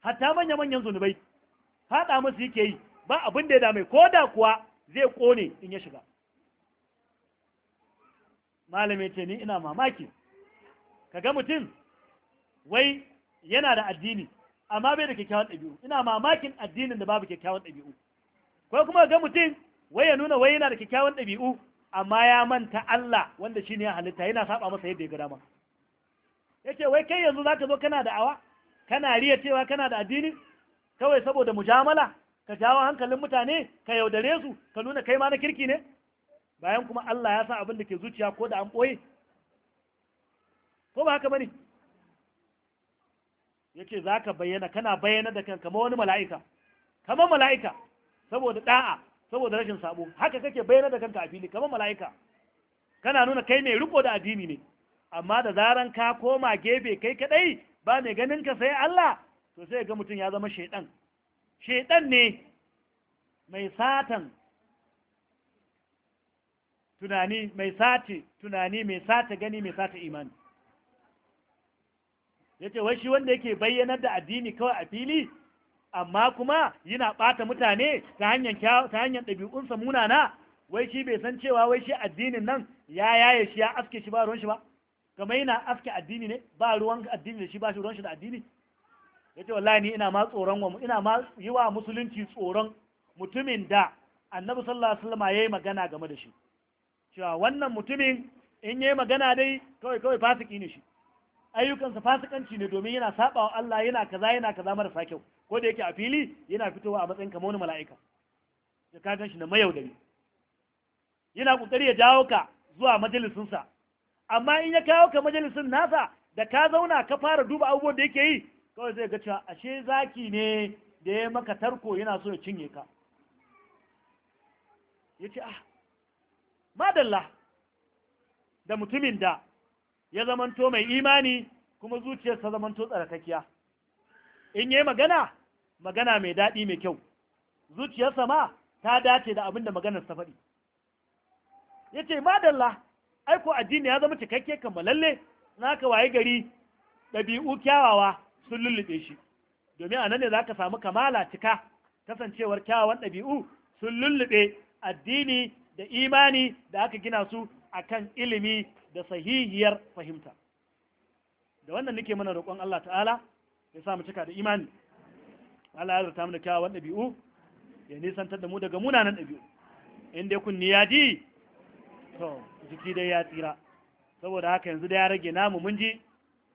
hatta manya manyan zunubai Faɗa masu yake yi ba abin da ya dame ko da kuwa zai ƙone in ya shiga Malamai ce ni ina mamaki Ka ga mutum wai yana da addini amma bai da kyakkyawan ɗabi'u ina mamakin addinin da babu kyakkyawan ɗabi'u ko kuma ga mutum wai ya nuna wai yana da kyakkyawan ɗabi'u amma ya manta Allah wanda shine ya halitta yana saba masa yadda ya ga dama yace wai kai yanzu zaka zo kana da awa kana riya cewa kana da addini kawai saboda mujamala ka jawo hankalin mutane ka yaudare su ka nuna kai ma na kirki ne bayan kuma Allah ya sa abin da ke zuciya ko da an ɓoye ko ba haka bane yace zaka bayyana kana bayyana da kanka kamar wani mala'ika kamar mala'ika saboda da'a saboda rashin sabo haka kake bayyana da kanka a fili kamar mala'ika kana nuna kai mai riko da addini ne amma da zaran ka koma gefe kai kadai ba mai ganin ka sai Allah to sai ga mutum ya zama shaidan shaidan ne mai satan tunani mai sati tunani mai sata gani mai sata imani yace wai shi wanda yake bayyanar da addini kawai a fili amma kuma yana ɓata mutane ta hanyar ta hanyar ɗabi'unsa munana wai shi bai san cewa wai shi addinin nan ya yaye shi ya aske shi ba ruwan shi ba kamar yana aske addini ne ba ruwan addini da shi ba shi ruwan shi da addini yace wallahi ni ina ma tsoron wa ina ma yi wa musulunci tsoron mutumin da annabi sallallahu alaihi wasallam yayi magana game da shi cewa wannan mutumin in yayi magana dai kawai kawai fasiki ne shi ayyukansa fasikanci ne domin yana saba wa Allah yana kaza yana kaza marasa kyau ko da yake a fili yana fitowa a matsayin kamar wani mala'ika da ka gan shi na mayaudari yana kokari ya jawo ka zuwa sa amma in ya kawo ka majalisin nasa da ka zauna ka fara duba abubuwan da yake yi kawai zai ga cewa ashe zaki ne da ya maka tarko yana so ya cinye ka ya ce ah madalla da mutumin da ya zamanto mai imani kuma zuciyarsa zamanto tsarkakiya in yi magana magana mai daɗi mai kyau zuciyarsa ma ta dace da abin da maganarsa faɗi ya ce madalla aiko addini ya zama cikakke kammalalle na ka waye gari ɗabi'u kyawawa sun lullube shi domin a nan ne za ka samu kamala cika kasancewar kyawawan ɗabi'u sun lullube addini da imani da aka gina su akan ilimi da sahihiyar fahimta da wannan nake mana roƙon Allah ta'ala ya sa mu cika da imani Allah ya zarta mu da kyawawan ɗabi'u ya nisantar da mu daga munanan ɗabi'u in dai kun ya ji to jiki dai ya tsira saboda haka yanzu da ya rage namu mun ji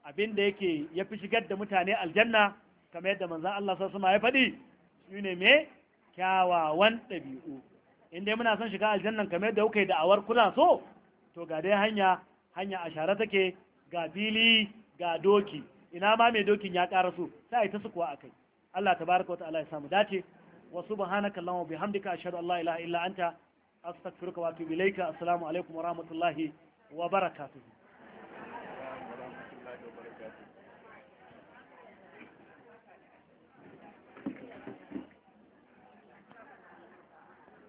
abin da yake ya fi shigar da mutane aljanna kamar yadda manzan Allah sassu ma ya faɗi shi ne me kyawawan ɗabi'u in dai muna son shiga aljannan kamar yadda kuka yi da'awar kuna so to ga dai hanya hanya a share take ga fili ga doki ina ma mai dokin ya ƙara su sai a yi ta su kuwa kai Allah tabaraka wa ta'ala ya samu dace wa subhanaka allahumma wa bihamdika ashhadu an la ilaha illa anta astaghfiruka wa atubu ilaika assalamu alaikum wa rahmatullahi wa barakatuh